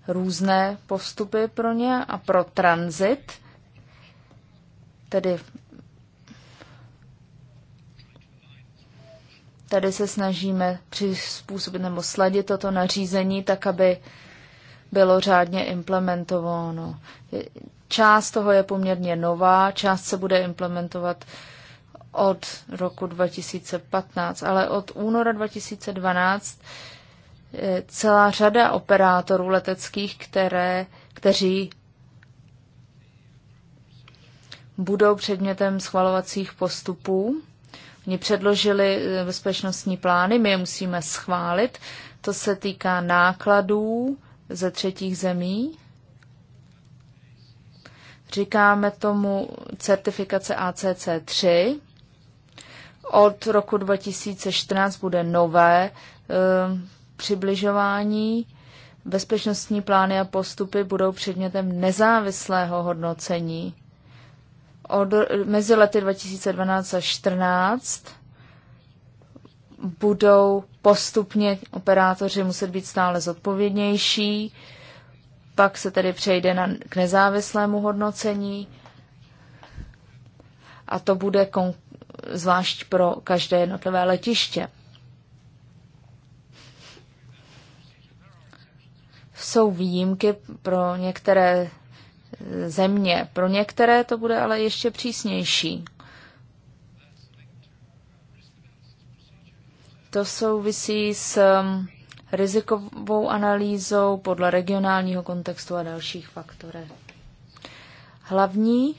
různé postupy pro ně a pro tranzit, tedy tady se snažíme přizpůsobit nebo sladit toto nařízení tak, aby bylo řádně implementováno. Část toho je poměrně nová, část se bude implementovat od roku 2015, ale od února 2012 celá řada operátorů leteckých, které, kteří budou předmětem schvalovacích postupů. Oni předložili eh, bezpečnostní plány, my je musíme schválit. To se týká nákladů ze třetích zemí. Říkáme tomu certifikace ACC3. Od roku 2014 bude nové eh, přibližování. Bezpečnostní plány a postupy budou předmětem nezávislého hodnocení. Od, mezi lety 2012 a 2014 budou postupně operátoři muset být stále zodpovědnější, pak se tedy přejde na, k nezávislému hodnocení a to bude kon, zvlášť pro každé jednotlivé letiště. Jsou výjimky pro některé země, pro některé to bude ale ještě přísnější. To souvisí s um, rizikovou analýzou podle regionálního kontextu a dalších faktorů. Hlavní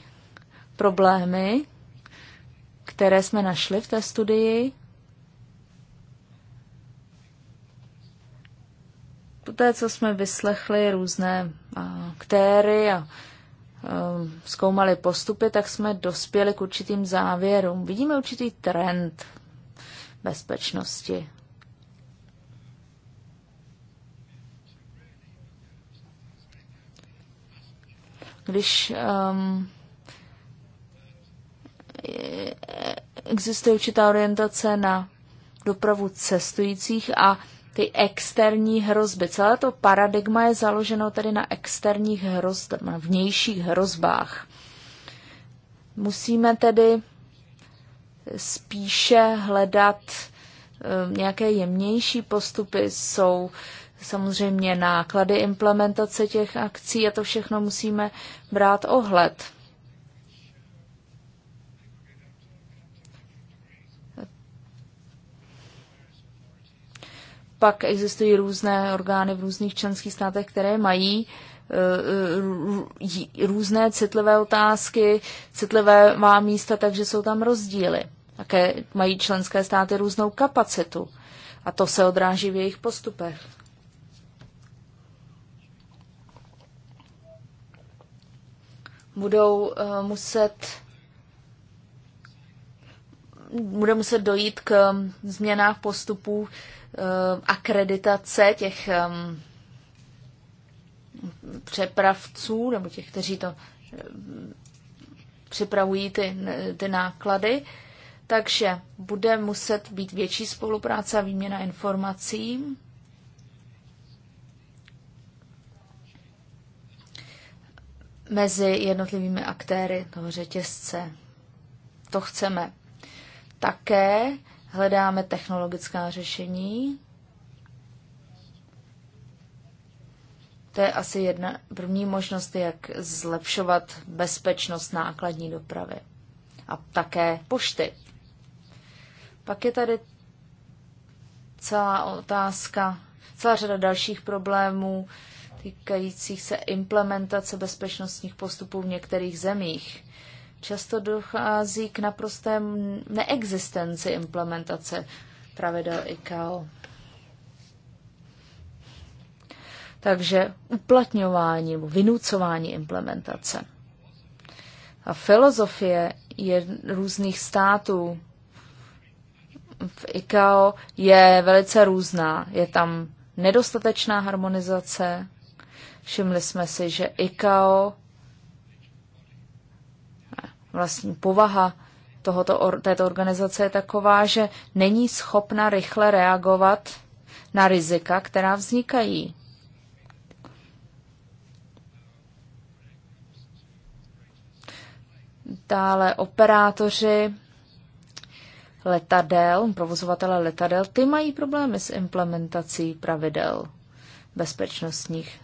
problémy, které jsme našli v té studii, poté, co jsme vyslechli různé aktéry a zkoumali postupy, tak jsme dospěli k určitým závěrům. Vidíme určitý trend bezpečnosti Když um, existuje určitá orientace na dopravu cestujících a ty externí hrozby. Celé to paradigma je založeno tedy na externích hrozbách, na vnějších hrozbách. Musíme tedy spíše hledat um, nějaké jemnější postupy, jsou samozřejmě náklady implementace těch akcí a to všechno musíme brát ohled. Pak existují různé orgány v různých členských státech, které mají eh, eh, různé citlivé otázky, citlivé má místa, takže jsou tam rozdíly. Také mají členské státy různou kapacitu a to se odráží v jejich postupech. budou eh, muset bude muset dojít k eh, změnách postupů eh, akreditace těch přepravců nebo těch, kteří to připravují ty, ty náklady. Takže bude muset být větší spolupráce a výměna informací. mezi jednotlivými aktéry toho řetězce. To chceme. Také hledáme technologická řešení. To je asi jedna první možnost, jak zlepšovat bezpečnost nákladní dopravy a také pošty. Pak je tady celá otázka, celá řada dalších problémů, týkajících se implementace bezpečnostních postupů v některých zemích. Často dochází k naprosté neexistenci implementace pravidel ICAO. Takže uplatňování nebo vynucování implementace. A filozofie je různých států v ICAO je velice různá. Je tam nedostatečná harmonizace, Všimli jsme si, že IKAO, vlastní povaha tohoto, této organizace je taková, že není schopna rychle reagovat na rizika, která vznikají. Dále operátoři letadel, provozovatele letadel, ty mají problémy s implementací pravidel bezpečnostních.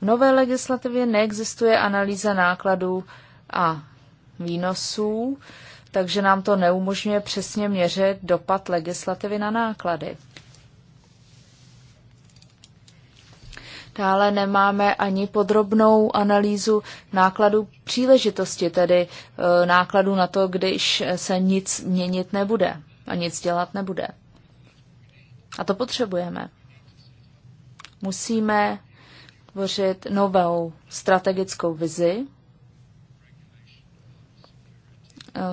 V nové legislativě neexistuje analýza nákladů a výnosů, takže nám to neumožňuje přesně měřit dopad legislativy na náklady. Dále nemáme ani podrobnou analýzu nákladů příležitosti, tedy e, nákladů na to, když se nic měnit nebude a nic dělat nebude. A to potřebujeme. Musíme tvořit novou strategickou vizi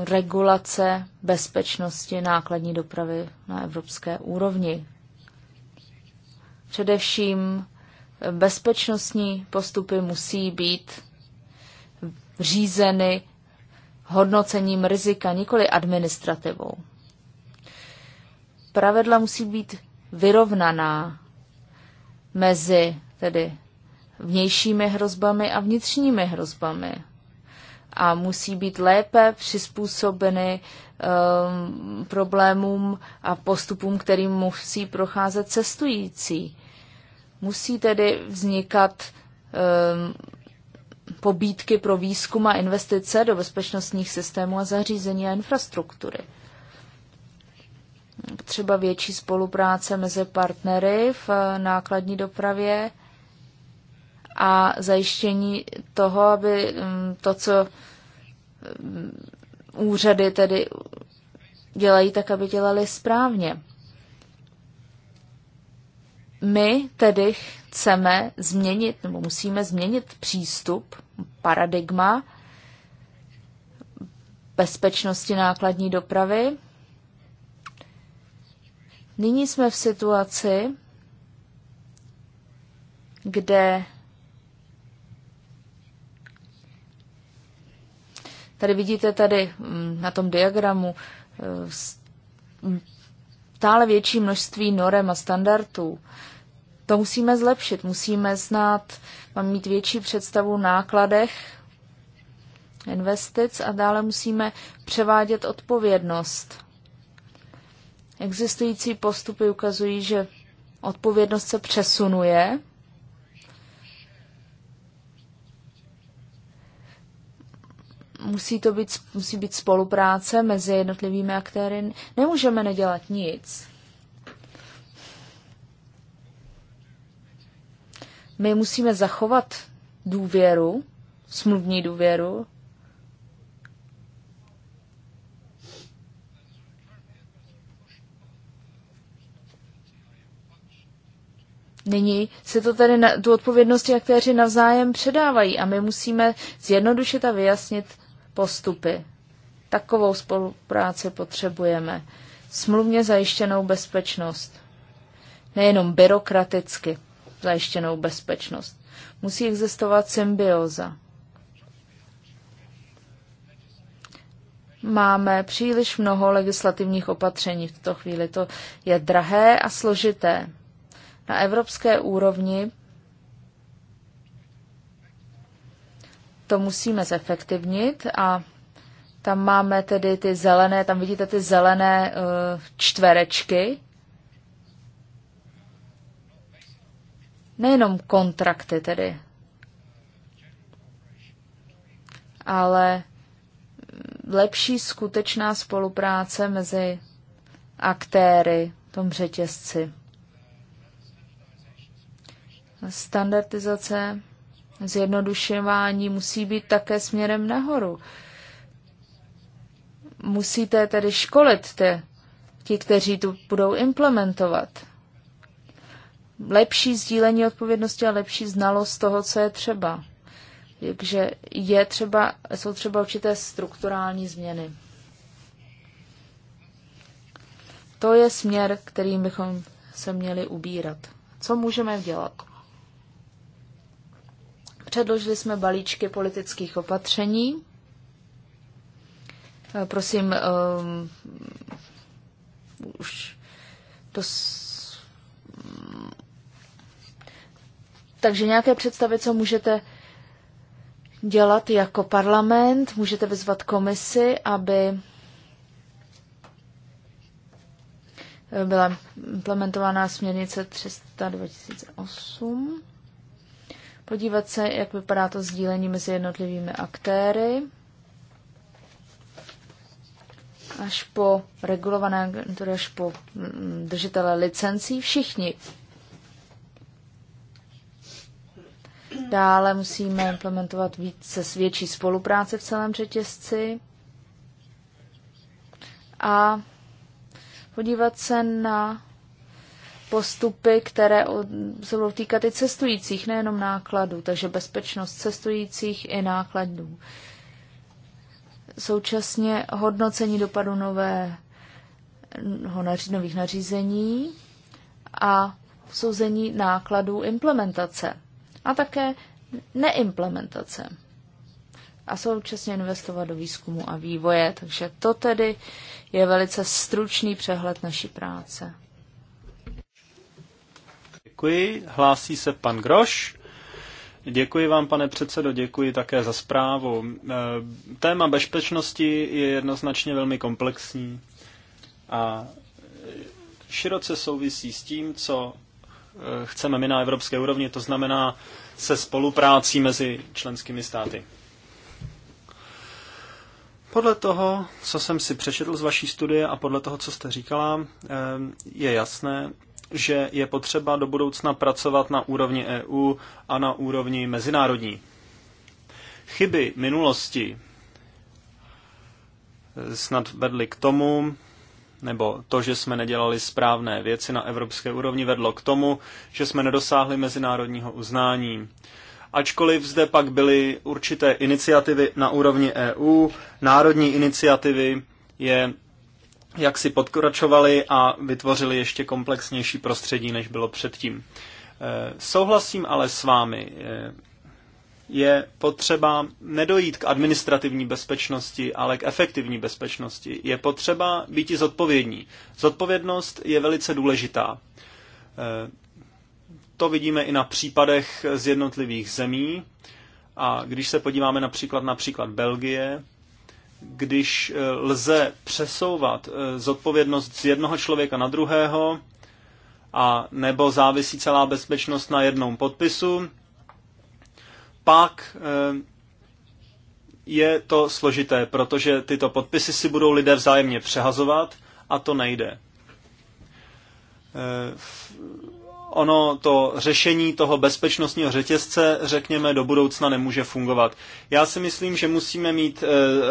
regulace bezpečnosti nákladní dopravy na evropské úrovni. Především bezpečnostní postupy musí být řízeny hodnocením rizika, nikoli administrativou. Pravidla musí být vyrovnaná mezi tedy vnějšími hrozbami a vnitřními hrozbami. A musí být lépe přizpůsobeny um, problémům a postupům, kterým musí procházet cestující. Musí tedy vznikat um, pobídky pro výzkum a investice do bezpečnostních systémů a zařízení a infrastruktury. Třeba větší spolupráce mezi partnery v eh, nákladní dopravě, a zajištění toho, aby mm, to, co mm, úřady tedy dělají, tak aby dělali správně. My tedy chceme změnit, nebo musíme změnit přístup, paradigma bezpečnosti nákladní dopravy. Nyní jsme v situaci, kde Tady vidíte tady mm, na tom diagramu eh, stále větší množství norem a standardů. To musíme zlepšit, musíme znát, mám mít větší představu o nákladech investic a dále musíme převádět odpovědnost. Existující postupy ukazují, že odpovědnost se přesunuje musí to být, musí být spolupráce mezi jednotlivými aktéry. Nemůžeme nedělat nic. My musíme zachovat důvěru, smluvní důvěru. Nyní se to tedy na, tu odpovědnosti aktéři navzájem předávají a my musíme zjednodušit a vyjasnit postupy. Takovou spolupráci potřebujeme. Smluvně zajištěnou bezpečnost. Nejenom byrokraticky zajištěnou bezpečnost. Musí existovat symbioza. Máme příliš mnoho legislativních opatření v tuto chvíli. To je drahé a složité. Na evropské úrovni to musíme zefektivnit a tam máme tedy ty zelené, tam vidíte ty zelené eh, čtverečky. Nejenom kontrakty tedy, ale lepší skutečná spolupráce mezi aktéry v tom řetězci. Standardizace Zjednodušování musí být také směrem nahoru. Musíte tedy školit ty, ti, kteří tu budou implementovat. Lepší sdílení odpovědnosti a lepší znalost toho, co je třeba. Takže je třeba, jsou třeba určité strukturální změny. To je směr, kterým bychom se měli ubírat. Co můžeme dělat? Předložili jsme balíčky politických opatření. Eh, prosím, um, už to s... Takže nějaké představy, co můžete dělat jako parlament, můžete vyzvat komisi, aby eh, byla implementovaná směrnice 300 2008 podívat se, jak vypadá to sdílení mezi jednotlivými aktéry, až po regulované agentury, až po mm, držitele licencí, všichni. Dále musíme implementovat více s větší spolupráce v celém řetězci a podívat se na postupy, které se budou týkat i cestujících, nejenom nákladů, takže bezpečnost cestujících i nákladů. Současně hodnocení dopadu nové, nových nařízení a souzení nákladů implementace a také neimplementace. A současně investovat do výzkumu a vývoje. Takže to tedy je velice stručný přehled naší práce. Děkuji. Hlásí se pan Groš. Děkuji vám, pane předsedo, děkuji také za zprávu. E, téma bezpečnosti je jednoznačně velmi komplexní a široce souvisí s tím, co e, chceme my na evropské úrovni, to znamená se spoluprácí mezi členskými státy. Podle toho, co jsem si přečetl z vaší studie a podle toho, co jste říkala, e, je jasné, že je potřeba do budoucna pracovat na úrovni EU a na úrovni mezinárodní. Chyby minulosti snad vedly k tomu, nebo to, že jsme nedělali správné věci na evropské úrovni, vedlo k tomu, že jsme nedosáhli mezinárodního uznání. Ačkoliv zde pak byly určité iniciativy na úrovni EU, národní iniciativy je jak si podkračovali a vytvořili ještě komplexnější prostředí, než bylo předtím. Eh, souhlasím ale s vámi. Eh, je potřeba nedojít k administrativní bezpečnosti, ale k efektivní bezpečnosti. Je potřeba být i zodpovědní. Zodpovědnost je velice důležitá. Eh, to vidíme i na případech z jednotlivých zemí. A když se podíváme například například Belgie, když eh, lze přesouvat eh, zodpovědnost z jednoho člověka na druhého, a nebo závisí celá bezpečnost na jednom podpisu, pak eh, je to složité, protože tyto podpisy si budou lidé vzájemně přehazovat a to nejde. V ono to řešení toho bezpečnostního řetězce, řekněme, do budoucna nemůže fungovat. Já si myslím, že musíme mít e,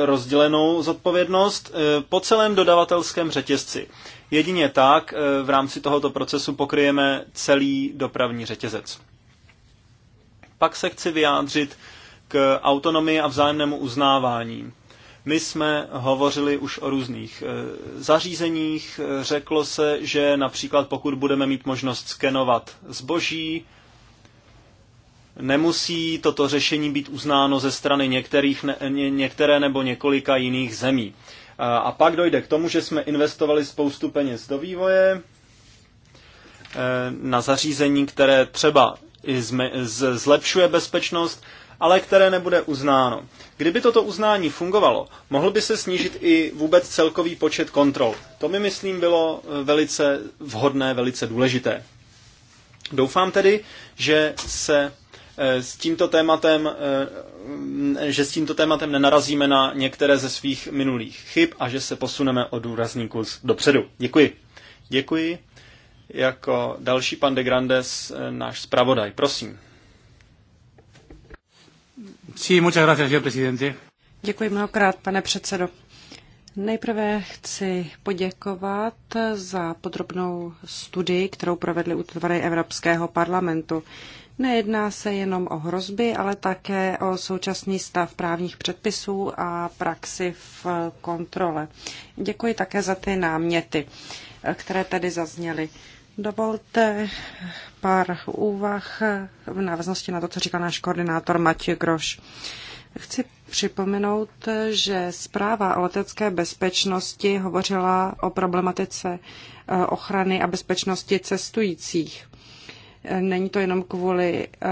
rozdělenou zodpovědnost e, po celém dodavatelském řetězci. Jedině tak e, v rámci tohoto procesu pokryjeme celý dopravní řetězec. Pak se chci vyjádřit k autonomii a vzájemnému uznávání. My jsme hovořili už o různých eh, zařízeních. Řeklo se, že například pokud budeme mít možnost skenovat zboží, nemusí toto řešení být uznáno ze strany některých, ne, některé nebo několika jiných zemí. Eh, a pak dojde k tomu, že jsme investovali spoustu peněz do vývoje eh, na zařízení, které třeba zlepšuje bezpečnost, ale které nebude uznáno. Kdyby toto uznání fungovalo, mohl by se snížit i vůbec celkový počet kontrol. To by, myslím, bylo eh, velice vhodné, velice důležité. Doufám tedy, že se eh, s tímto tématem, eh, že s tímto tématem nenarazíme na některé ze svých minulých chyb a že se posuneme o důrazný kus dopředu. Děkuji. Děkuji. Jako další pan de Grandes, náš zpravodaj, prosím. Děkuji mnohokrát, pane předsedo. Nejprve chci poděkovat za podrobnou studii, kterou provedly útvary Evropského parlamentu. Nejedná se jenom o hrozby, ale také o současný stav právních předpisů a praxi v kontrole. Děkuji také za ty náměty, které tady zazněly. Dovolte pár úvah v návaznosti na to, co říkal náš koordinátor Matěj Groš. Chci připomenout, že zpráva o letecké bezpečnosti hovořila o problematice eh, ochrany a bezpečnosti cestujících. Není to jenom kvůli eh,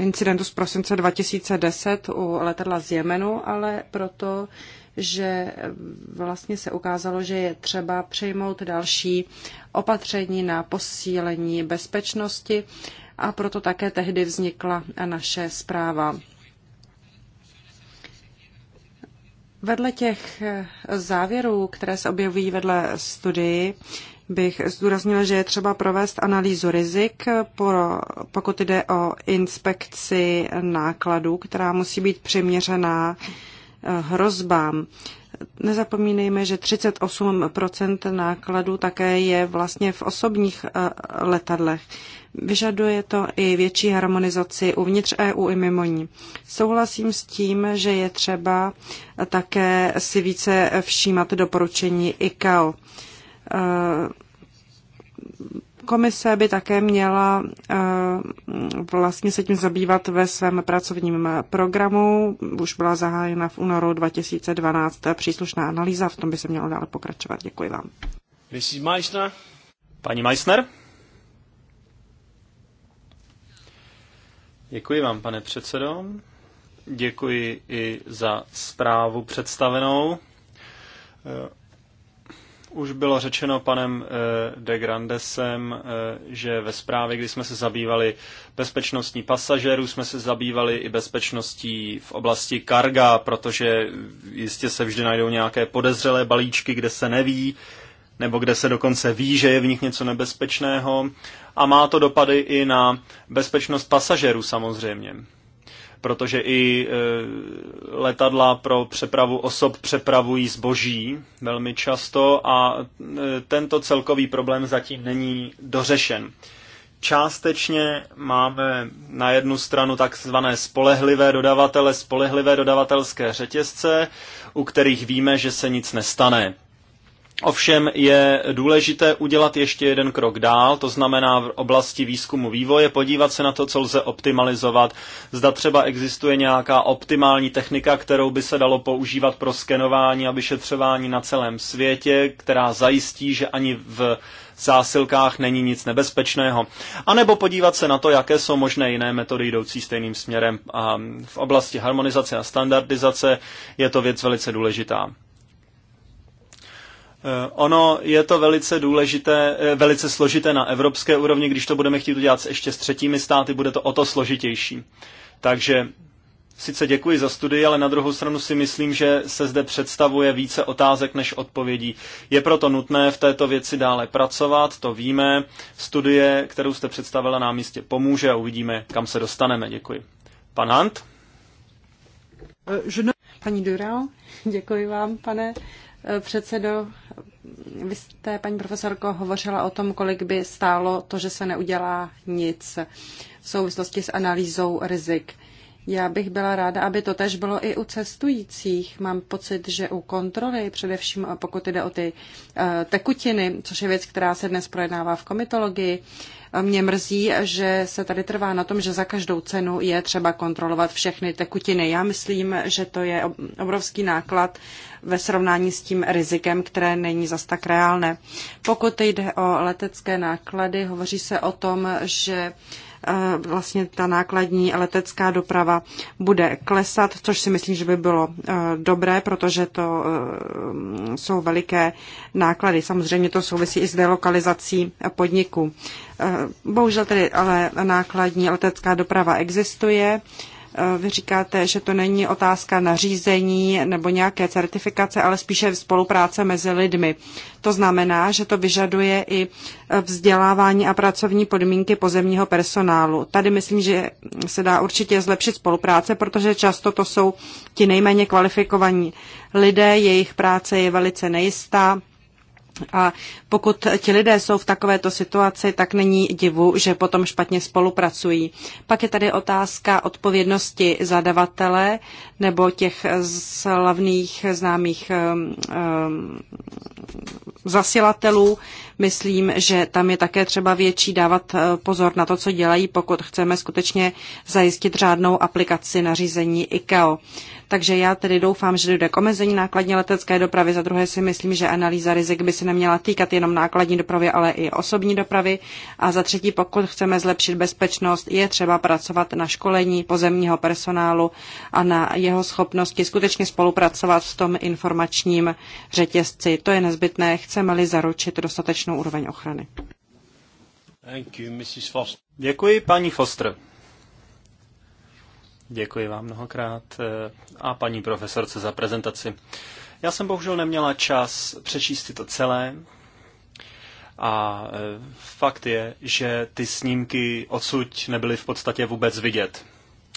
incidentu z prosince 2010 u letadla z Jemenu, ale proto, že vlastně se ukázalo, že je třeba přijmout další opatření na posílení bezpečnosti a proto také tehdy vznikla naše zpráva. Vedle těch závěrů, které se objevují vedle studii, bych zdůraznila, že je třeba provést analýzu rizik, pro, pokud jde o inspekci nákladů, která musí být přiměřená hrozbám. Nezapomínejme, že 38 nákladů také je vlastně v osobních eh, letadlech. Vyžaduje to i větší harmonizaci uvnitř EU i mimo ní. Souhlasím s tím, že je třeba také si více všímat doporučení ICAO eh, Komise by také měla eh, vlastně se tím zabývat ve svém pracovním programu. Už byla zahájena v únoru 2012 příslušná analýza, v tom by se mělo dále pokračovat. Děkuji vám. Pani Meissner. Děkuji vám, pane předsedo. Děkuji i za zprávu představenou. Eh, už bylo řečeno panem eh, de Grandesem, eh, že ve zprávě, kdy jsme se zabývali bezpečností pasažérů, jsme se zabývali i bezpečností v oblasti karga, protože jistě se vždy najdou nějaké podezřelé balíčky, kde se neví, nebo kde se dokonce ví, že je v nich něco nebezpečného. A má to dopady i na bezpečnost pasažérů samozřejmě protože i e, letadla pro přepravu osob přepravují zboží velmi často a e, tento celkový problém zatím není dořešen. Částečně máme na jednu stranu takzvané spolehlivé dodavatele, spolehlivé dodavatelské řetězce, u kterých víme, že se nic nestane Ovšem je důležité udělat ještě jeden krok dál, to znamená v oblasti výzkumu vývoje podívat se na to, co lze optimalizovat. Zda třeba existuje nějaká optimální technika, kterou by se dalo používat pro skenování a vyšetřování na celém světě, která zajistí, že ani v zásilkách není nic nebezpečného. A nebo podívat se na to, jaké jsou možné jiné metody jdoucí stejným směrem. A v oblasti harmonizace a standardizace je to věc velice důležitá. Eh, ono je to velice důležité, eh, velice složité na evropské úrovni, když to budeme chtít udělat ještě s třetími státy, bude to o to složitější. Takže sice děkuji za studii, ale na druhou stranu si myslím, že se zde představuje více otázek než odpovědí. Je proto nutné v této věci dále pracovat, to víme. Studie, kterou jste představila, nám jistě pomůže a uvidíme, kam se dostaneme. Děkuji. Pan Hunt? Eh, Paní Dural, děkuji vám, pane předsedo. Vy jste, paní profesorko, hovořila o tom, kolik by stálo to, že se neudělá nic v souvislosti s analýzou rizik. Já bych byla ráda, aby to tež bylo i u cestujících. Mám pocit, že u kontroly, především pokud jde o ty eh, tekutiny, což je věc, která se dnes projednává v komitologii, eh, mě mrzí, že se tady trvá na tom, že za každou cenu je třeba kontrolovat všechny tekutiny. Já myslím, že to je obrovský náklad ve srovnání s tím rizikem, které není zas tak reálné. Pokud jde o letecké náklady, hovoří se o tom, že eh, vlastně ta nákladní letecká doprava bude klesat, což si myslím, že by bylo eh, dobré, protože to eh, jsou veliké náklady. Samozřejmě to souvisí i s delokalizací podniků. Bohužel tedy ale nákladní letecká doprava existuje Eh, vy říkáte, že to není otázka nařízení nebo nějaké certifikace, ale spíše spolupráce mezi lidmi. To znamená, že to vyžaduje i eh, vzdělávání a pracovní podmínky pozemního personálu. Tady myslím, že se dá určitě zlepšit spolupráce, protože často to jsou ti nejméně kvalifikovaní lidé, jejich práce je velice nejistá a pokud ti lidé jsou v takovéto situaci, tak není divu, že potom špatně spolupracují. Pak je tady otázka odpovědnosti zadavatele nebo těch slavných známých um, um, zasilatelů. Myslím, že tam je také třeba větší dávat uh, pozor na to, co dělají, pokud chceme skutečně zajistit řádnou aplikaci nařízení ICAO. Takže já tedy doufám, že dojde k omezení nákladní letecké dopravy. Za druhé si myslím, že analýza rizik by se neměla týkat jenom nákladní dopravy, ale i osobní dopravy. A za třetí, pokud chceme zlepšit bezpečnost, je třeba pracovat na školení pozemního personálu a na jeho schopnosti skutečně spolupracovat v tom informačním řetězci. To je nezbytné, chceme-li zaručit dostatečnou úroveň ochrany. You, Děkuji, paní Foster. Děkuji vám mnohokrát eh, a paní profesorce za prezentaci. Já jsem bohužel neměla čas přečíst si to celé, a e, fakt je, že ty snímky odsud nebyly v podstatě vůbec vidět.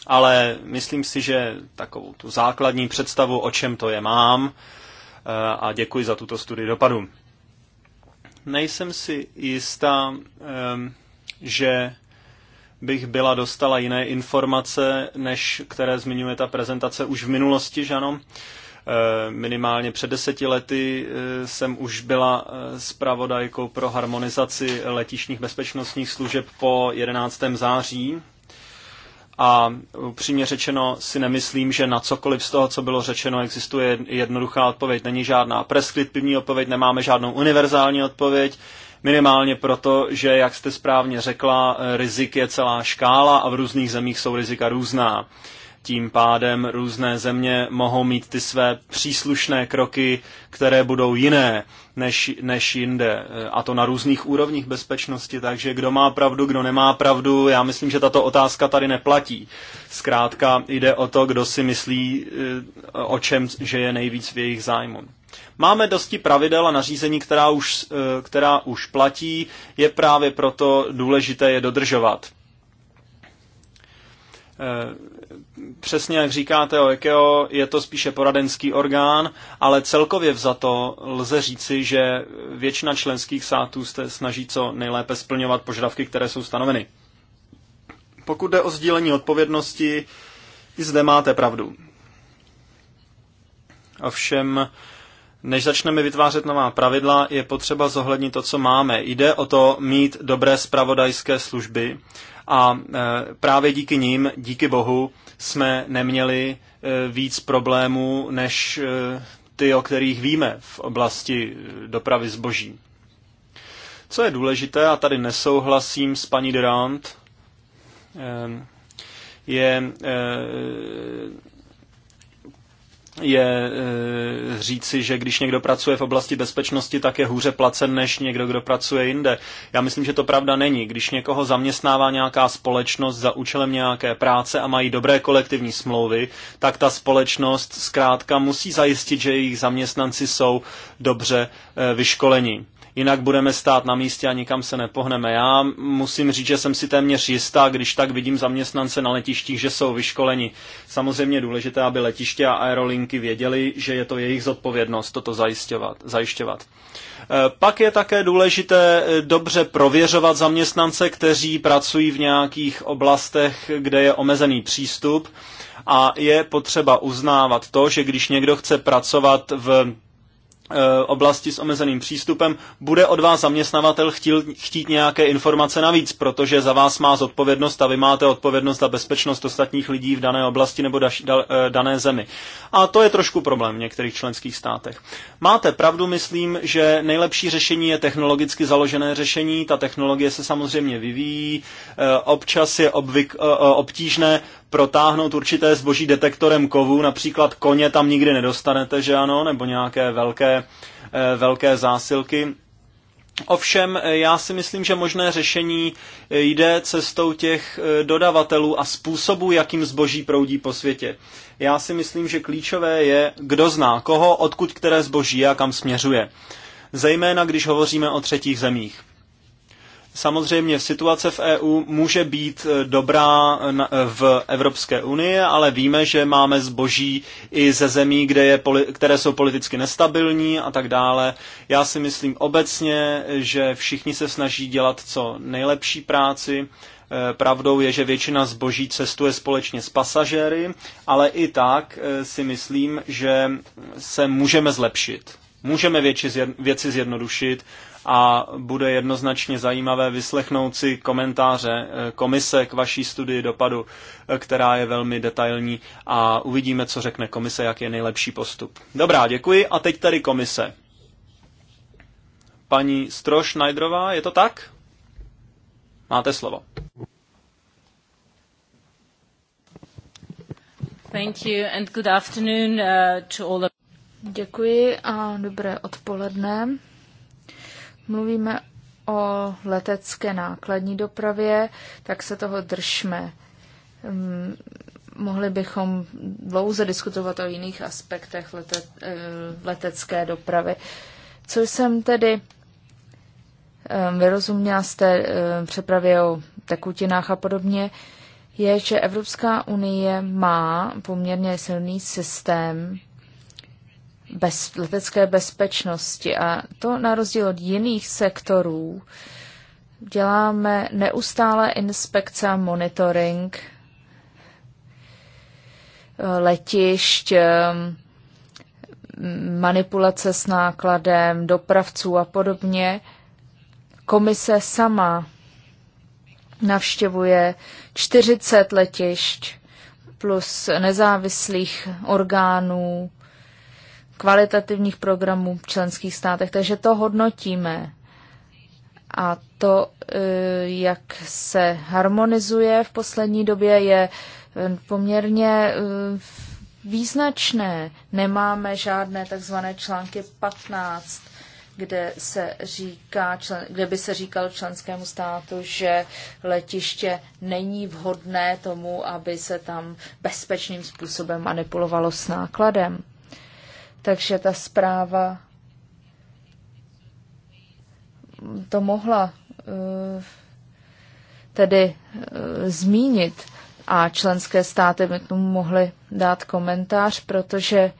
Ale myslím si, že takovou tu základní představu, o čem to je, mám e, a děkuji za tuto studii dopadu. Nejsem si jistá, že bych byla dostala jiné informace, než které zmiňuje ta prezentace už v minulosti, že ano? Eh, minimálně před deseti lety eh, jsem už byla eh, zpravodajkou pro harmonizaci letišních bezpečnostních služeb po 11. září a upřímně řečeno si nemyslím, že na cokoliv z toho, co bylo řečeno, existuje jednoduchá odpověď. Není žádná preskriptivní odpověď, nemáme žádnou univerzální odpověď, minimálně proto, že, jak jste správně řekla, rizik je celá škála a v různých zemích jsou rizika různá. Tím pádem různé země mohou mít ty své příslušné kroky, které budou jiné než, než jinde. E, a to na různých úrovních bezpečnosti. Takže kdo má pravdu, kdo nemá pravdu, já myslím, že tato otázka tady neplatí. Zkrátka jde o to, kdo si myslí, e, o čem, že je nejvíc v jejich zájmu. Máme dosti pravidel a nařízení, která už, e, která už platí, je právě proto důležité je dodržovat přesně jak říkáte o EKEO, je to spíše poradenský orgán, ale celkově vzato lze říci, že většina členských států se snaží co nejlépe splňovat požadavky, které jsou stanoveny. Pokud jde o sdílení odpovědnosti, i zde máte pravdu. Ovšem, než začneme vytvářet nová pravidla, je potřeba zohlednit to, co máme. Jde o to mít dobré spravodajské služby, a e, právě díky nim, díky bohu, jsme neměli e, víc problémů než e, ty, o kterých víme v oblasti dopravy zboží. Co je důležité, a tady nesouhlasím s paní Durant, je je eh, říci, že když někdo pracuje v oblasti bezpečnosti, tak je hůře placen než někdo, kdo pracuje jinde. Já myslím, že to pravda není. Když někoho zaměstnává nějaká společnost za účelem nějaké práce a mají dobré kolektivní smlouvy, tak ta společnost zkrátka musí zajistit, že jejich zaměstnanci jsou dobře eh, vyškoleni jinak budeme stát na místě a nikam se nepohneme. Já musím říct, že jsem si téměř jistá, když tak vidím zaměstnance na letištích, že jsou vyškoleni. Samozřejmě důležité, aby letiště a aerolinky věděli, že je to jejich zodpovědnost toto zajišťovat. zajišťovat. E, pak je také důležité e, dobře prověřovat zaměstnance, kteří pracují v nějakých oblastech, kde je omezený přístup a je potřeba uznávat to, že když někdo chce pracovat v Eh, oblasti s omezeným přístupem, bude od vás zaměstnavatel chtil, chtít nějaké informace navíc, protože za vás má zodpovědnost a vy máte odpovědnost za bezpečnost ostatních lidí v dané oblasti nebo daš, da, eh, dané zemi. A to je trošku problém v některých členských státech. Máte pravdu, myslím, že nejlepší řešení je technologicky založené řešení. Ta technologie se samozřejmě vyvíjí, eh, občas je obvyk, obtížné protáhnout určité zboží detektorem kovů, například koně tam nikdy nedostanete, že ano, nebo nějaké velké, eh, velké zásilky. Ovšem, eh, já si myslím, že možné řešení eh, jde cestou těch dodavatelů a způsobů, jakým zboží proudí po světě. Já si myslím, že klíčové je, kdo zná koho, odkud které zboží a kam směřuje. Zejména, když hovoříme o třetích zemích. Samozřejmě situace v EU může být e, dobrá e, e, v Evropské unii, ale víme, že máme zboží i ze zemí, kde je, které jsou politicky nestabilní a tak dále. Já si myslím obecně, že všichni se snaží dělat co nejlepší práci. Pravdou je, že většina zboží cestuje společně s pasažéry, ale i tak si myslím, že se můžeme zlepšit. Můžeme věci zjednodušit a bude jednoznačně zajímavé vyslechnout si komentáře eh, komise k vaší studii dopadu, eh, která je velmi detailní a uvidíme, co řekne komise, jak je nejlepší postup. Dobrá, děkuji a teď tady komise. Paní Stroš Najdrová, je to tak? Máte slovo. Thank you and good afternoon uh, to all of Děkuji a dobré odpoledne. Mluvíme o letecké nákladní dopravě, tak se toho držme. Hm, mohli bychom dlouze diskutovat o jiných aspektech lete, eh, letecké dopravy. Co jsem tedy eh, vyrozuměla z té eh, přepravě o tekutinách a podobně, je, že Evropská unie má poměrně silný systém bez, letecké bezpečnosti. A to na rozdíl od jiných sektorů děláme neustále inspekce a monitoring letišť, manipulace s nákladem, dopravců a podobně. Komise sama navštěvuje 40 letišť plus nezávislých orgánů kvalitativních programů v členských státech. Takže to hodnotíme. A to, e, jak se harmonizuje v poslední době, je e, poměrně e, význačné. Nemáme žádné takzvané články 15, kde, se říká, kde by se říkal členskému státu, že letiště není vhodné tomu, aby se tam bezpečným způsobem manipulovalo s nákladem. Takže ta zpráva to mohla eh, tedy eh, zmínit a členské státy by tomu mohly dát komentář, protože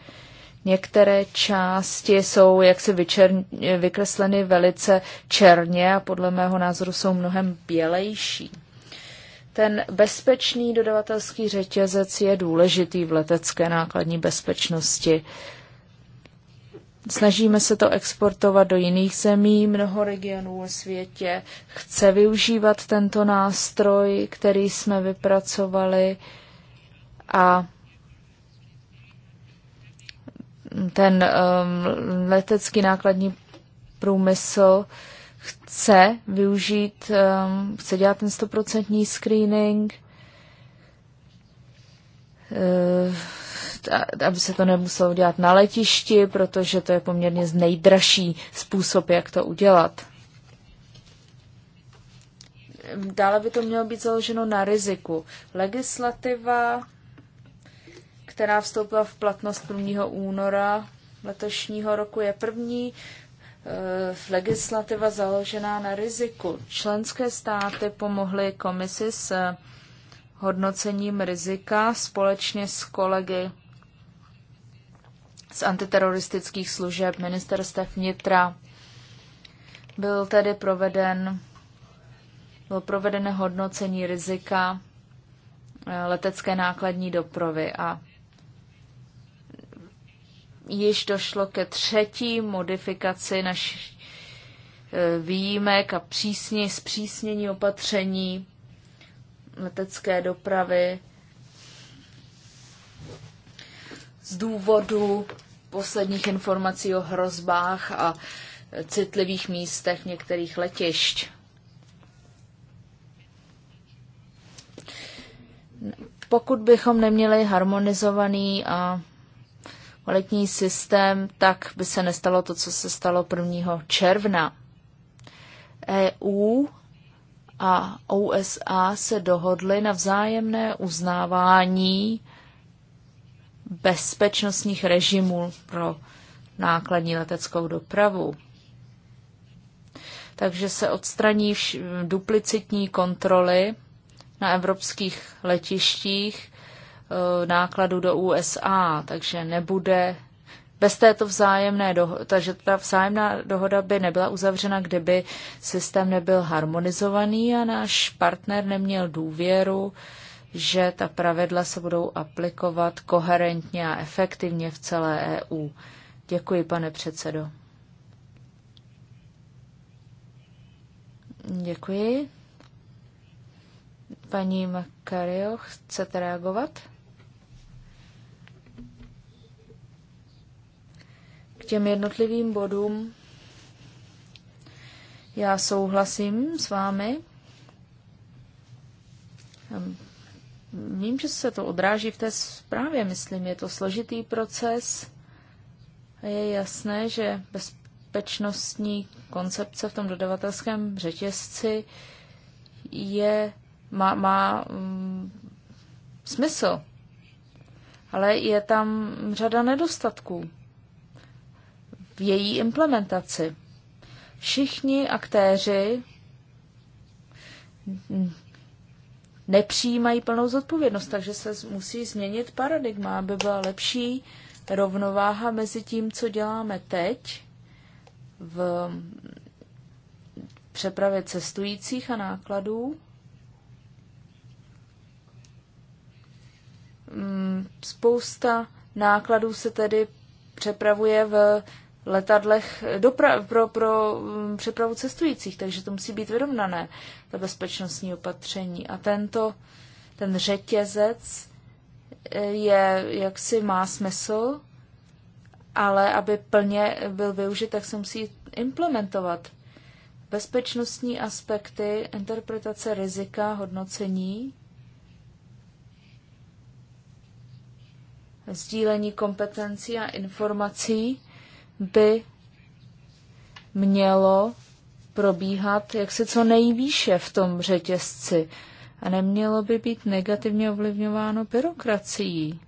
některé části jsou jaksi vyčer, vykresleny velice černě a podle mého názoru jsou mnohem bělejší. Ten bezpečný dodavatelský řetězec je důležitý v letecké nákladní bezpečnosti. Uh, Snažíme se to exportovat do jiných zemí, mnoho regionů ve světě chce využívat tento nástroj, který jsme vypracovali a ten um, letecký nákladní průmysl chce využít, um, chce dělat ten stoprocentní screening. Uh, aby se to nemuselo dělat na letišti, protože to je poměrně z nejdražší způsob, jak to udělat. Dále by to mělo být založeno na riziku. Legislativa, která vstoupila v platnost 1. února letošního roku, je první e, legislativa založená na riziku. Členské státy pomohly komisi s hodnocením rizika společně s kolegy z antiteroristických služeb Ministerstva vnitra. Byl tedy proveden, bylo provedeno hodnocení rizika eh, letecké nákladní dopravy a již došlo ke třetí modifikaci našich eh, výjimek a přísně, zpřísnění opatření letecké dopravy z důvodu posledních informací o hrozbách a citlivých místech některých letišť. Pokud bychom neměli harmonizovaný a kvalitní systém, tak by se nestalo to, co se stalo 1. června. EU a USA se dohodly na vzájemné uznávání bezpečnostních režimů pro nákladní leteckou dopravu. Takže se odstraní duplicitní kontroly na evropských letištích e, nákladu do USA, takže nebude bez této vzájemné dohody, takže ta vzájemná dohoda by nebyla uzavřena, kdyby systém nebyl harmonizovaný a náš partner neměl důvěru že ta pravidla se budou aplikovat koherentně a efektivně v celé EU. Děkuji, pane předsedo. Děkuji. Paní Makario, chcete reagovat? K těm jednotlivým bodům já souhlasím s vámi. Vím, že se to odráží v té zprávě, myslím, je to složitý proces. Je jasné, že bezpečnostní koncepce v tom dodavatelském řetězci je, má, má um, smysl, ale je tam řada nedostatků v její implementaci. Všichni aktéři nepřijímají plnou zodpovědnost, takže se musí změnit paradigma, aby byla lepší rovnováha mezi tím, co děláme teď v přepravě cestujících a nákladů, mm, spousta nákladů se tedy přepravuje v letadlech dopra- pro, pro mm, přepravu cestujících, takže to musí být vyrovnané, ta bezpečnostní opatření. A tento, ten řetězec e, je, jak si má smysl, ale aby plně byl využit, tak se musí implementovat bezpečnostní aspekty, interpretace rizika, hodnocení, sdílení kompetencí a informací, by mělo probíhat jaksi co nejvýše v tom řetězci a nemělo by být negativně ovlivňováno byrokracií.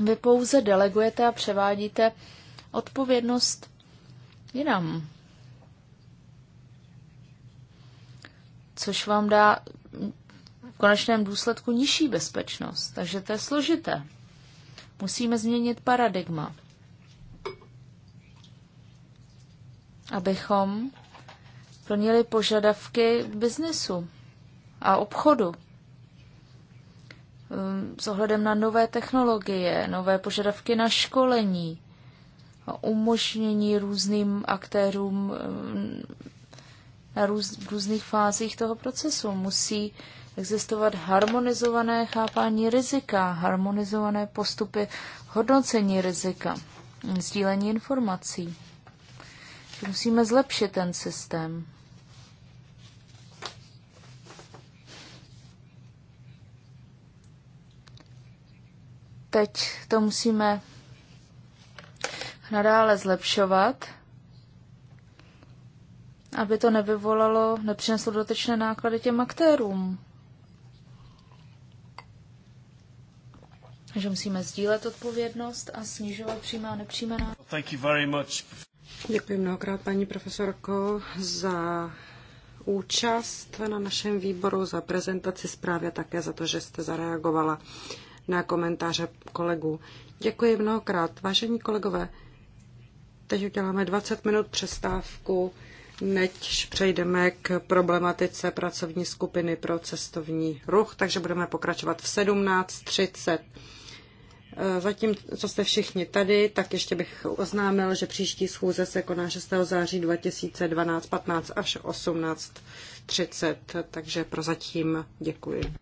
Vy pouze delegujete a převádíte odpovědnost jinam. což vám dá v konečném důsledku nižší bezpečnost. Takže to je složité. Musíme změnit paradigma, abychom plnili požadavky biznesu a obchodu hm, s ohledem na nové technologie, nové požadavky na školení, umožnění různým aktérům hm, na růz, různých fázích toho procesu. Musí existovat harmonizované chápání rizika, harmonizované postupy hodnocení rizika, sdílení informací. Musíme zlepšit ten systém. Teď to musíme nadále zlepšovat aby to nevyvolalo, nepřineslo dodatečné náklady těm aktérům. Že musíme sdílet odpovědnost a snižovat přímá a nepřímá náklady. Děkuji mnohokrát, paní profesorko, za účast na našem výboru, za prezentaci zprávy a také za to, že jste zareagovala na komentáře kolegů. Děkuji mnohokrát. Vážení kolegové, teď uděláme 20 minut přestávku než přejdeme k problematice pracovní skupiny pro cestovní ruch, takže budeme pokračovat v 17.30. E, zatím, co jste všichni tady, tak ještě bych oznámil, že příští schůze se koná 6. září 2012 15 až 18.30, takže prozatím děkuji.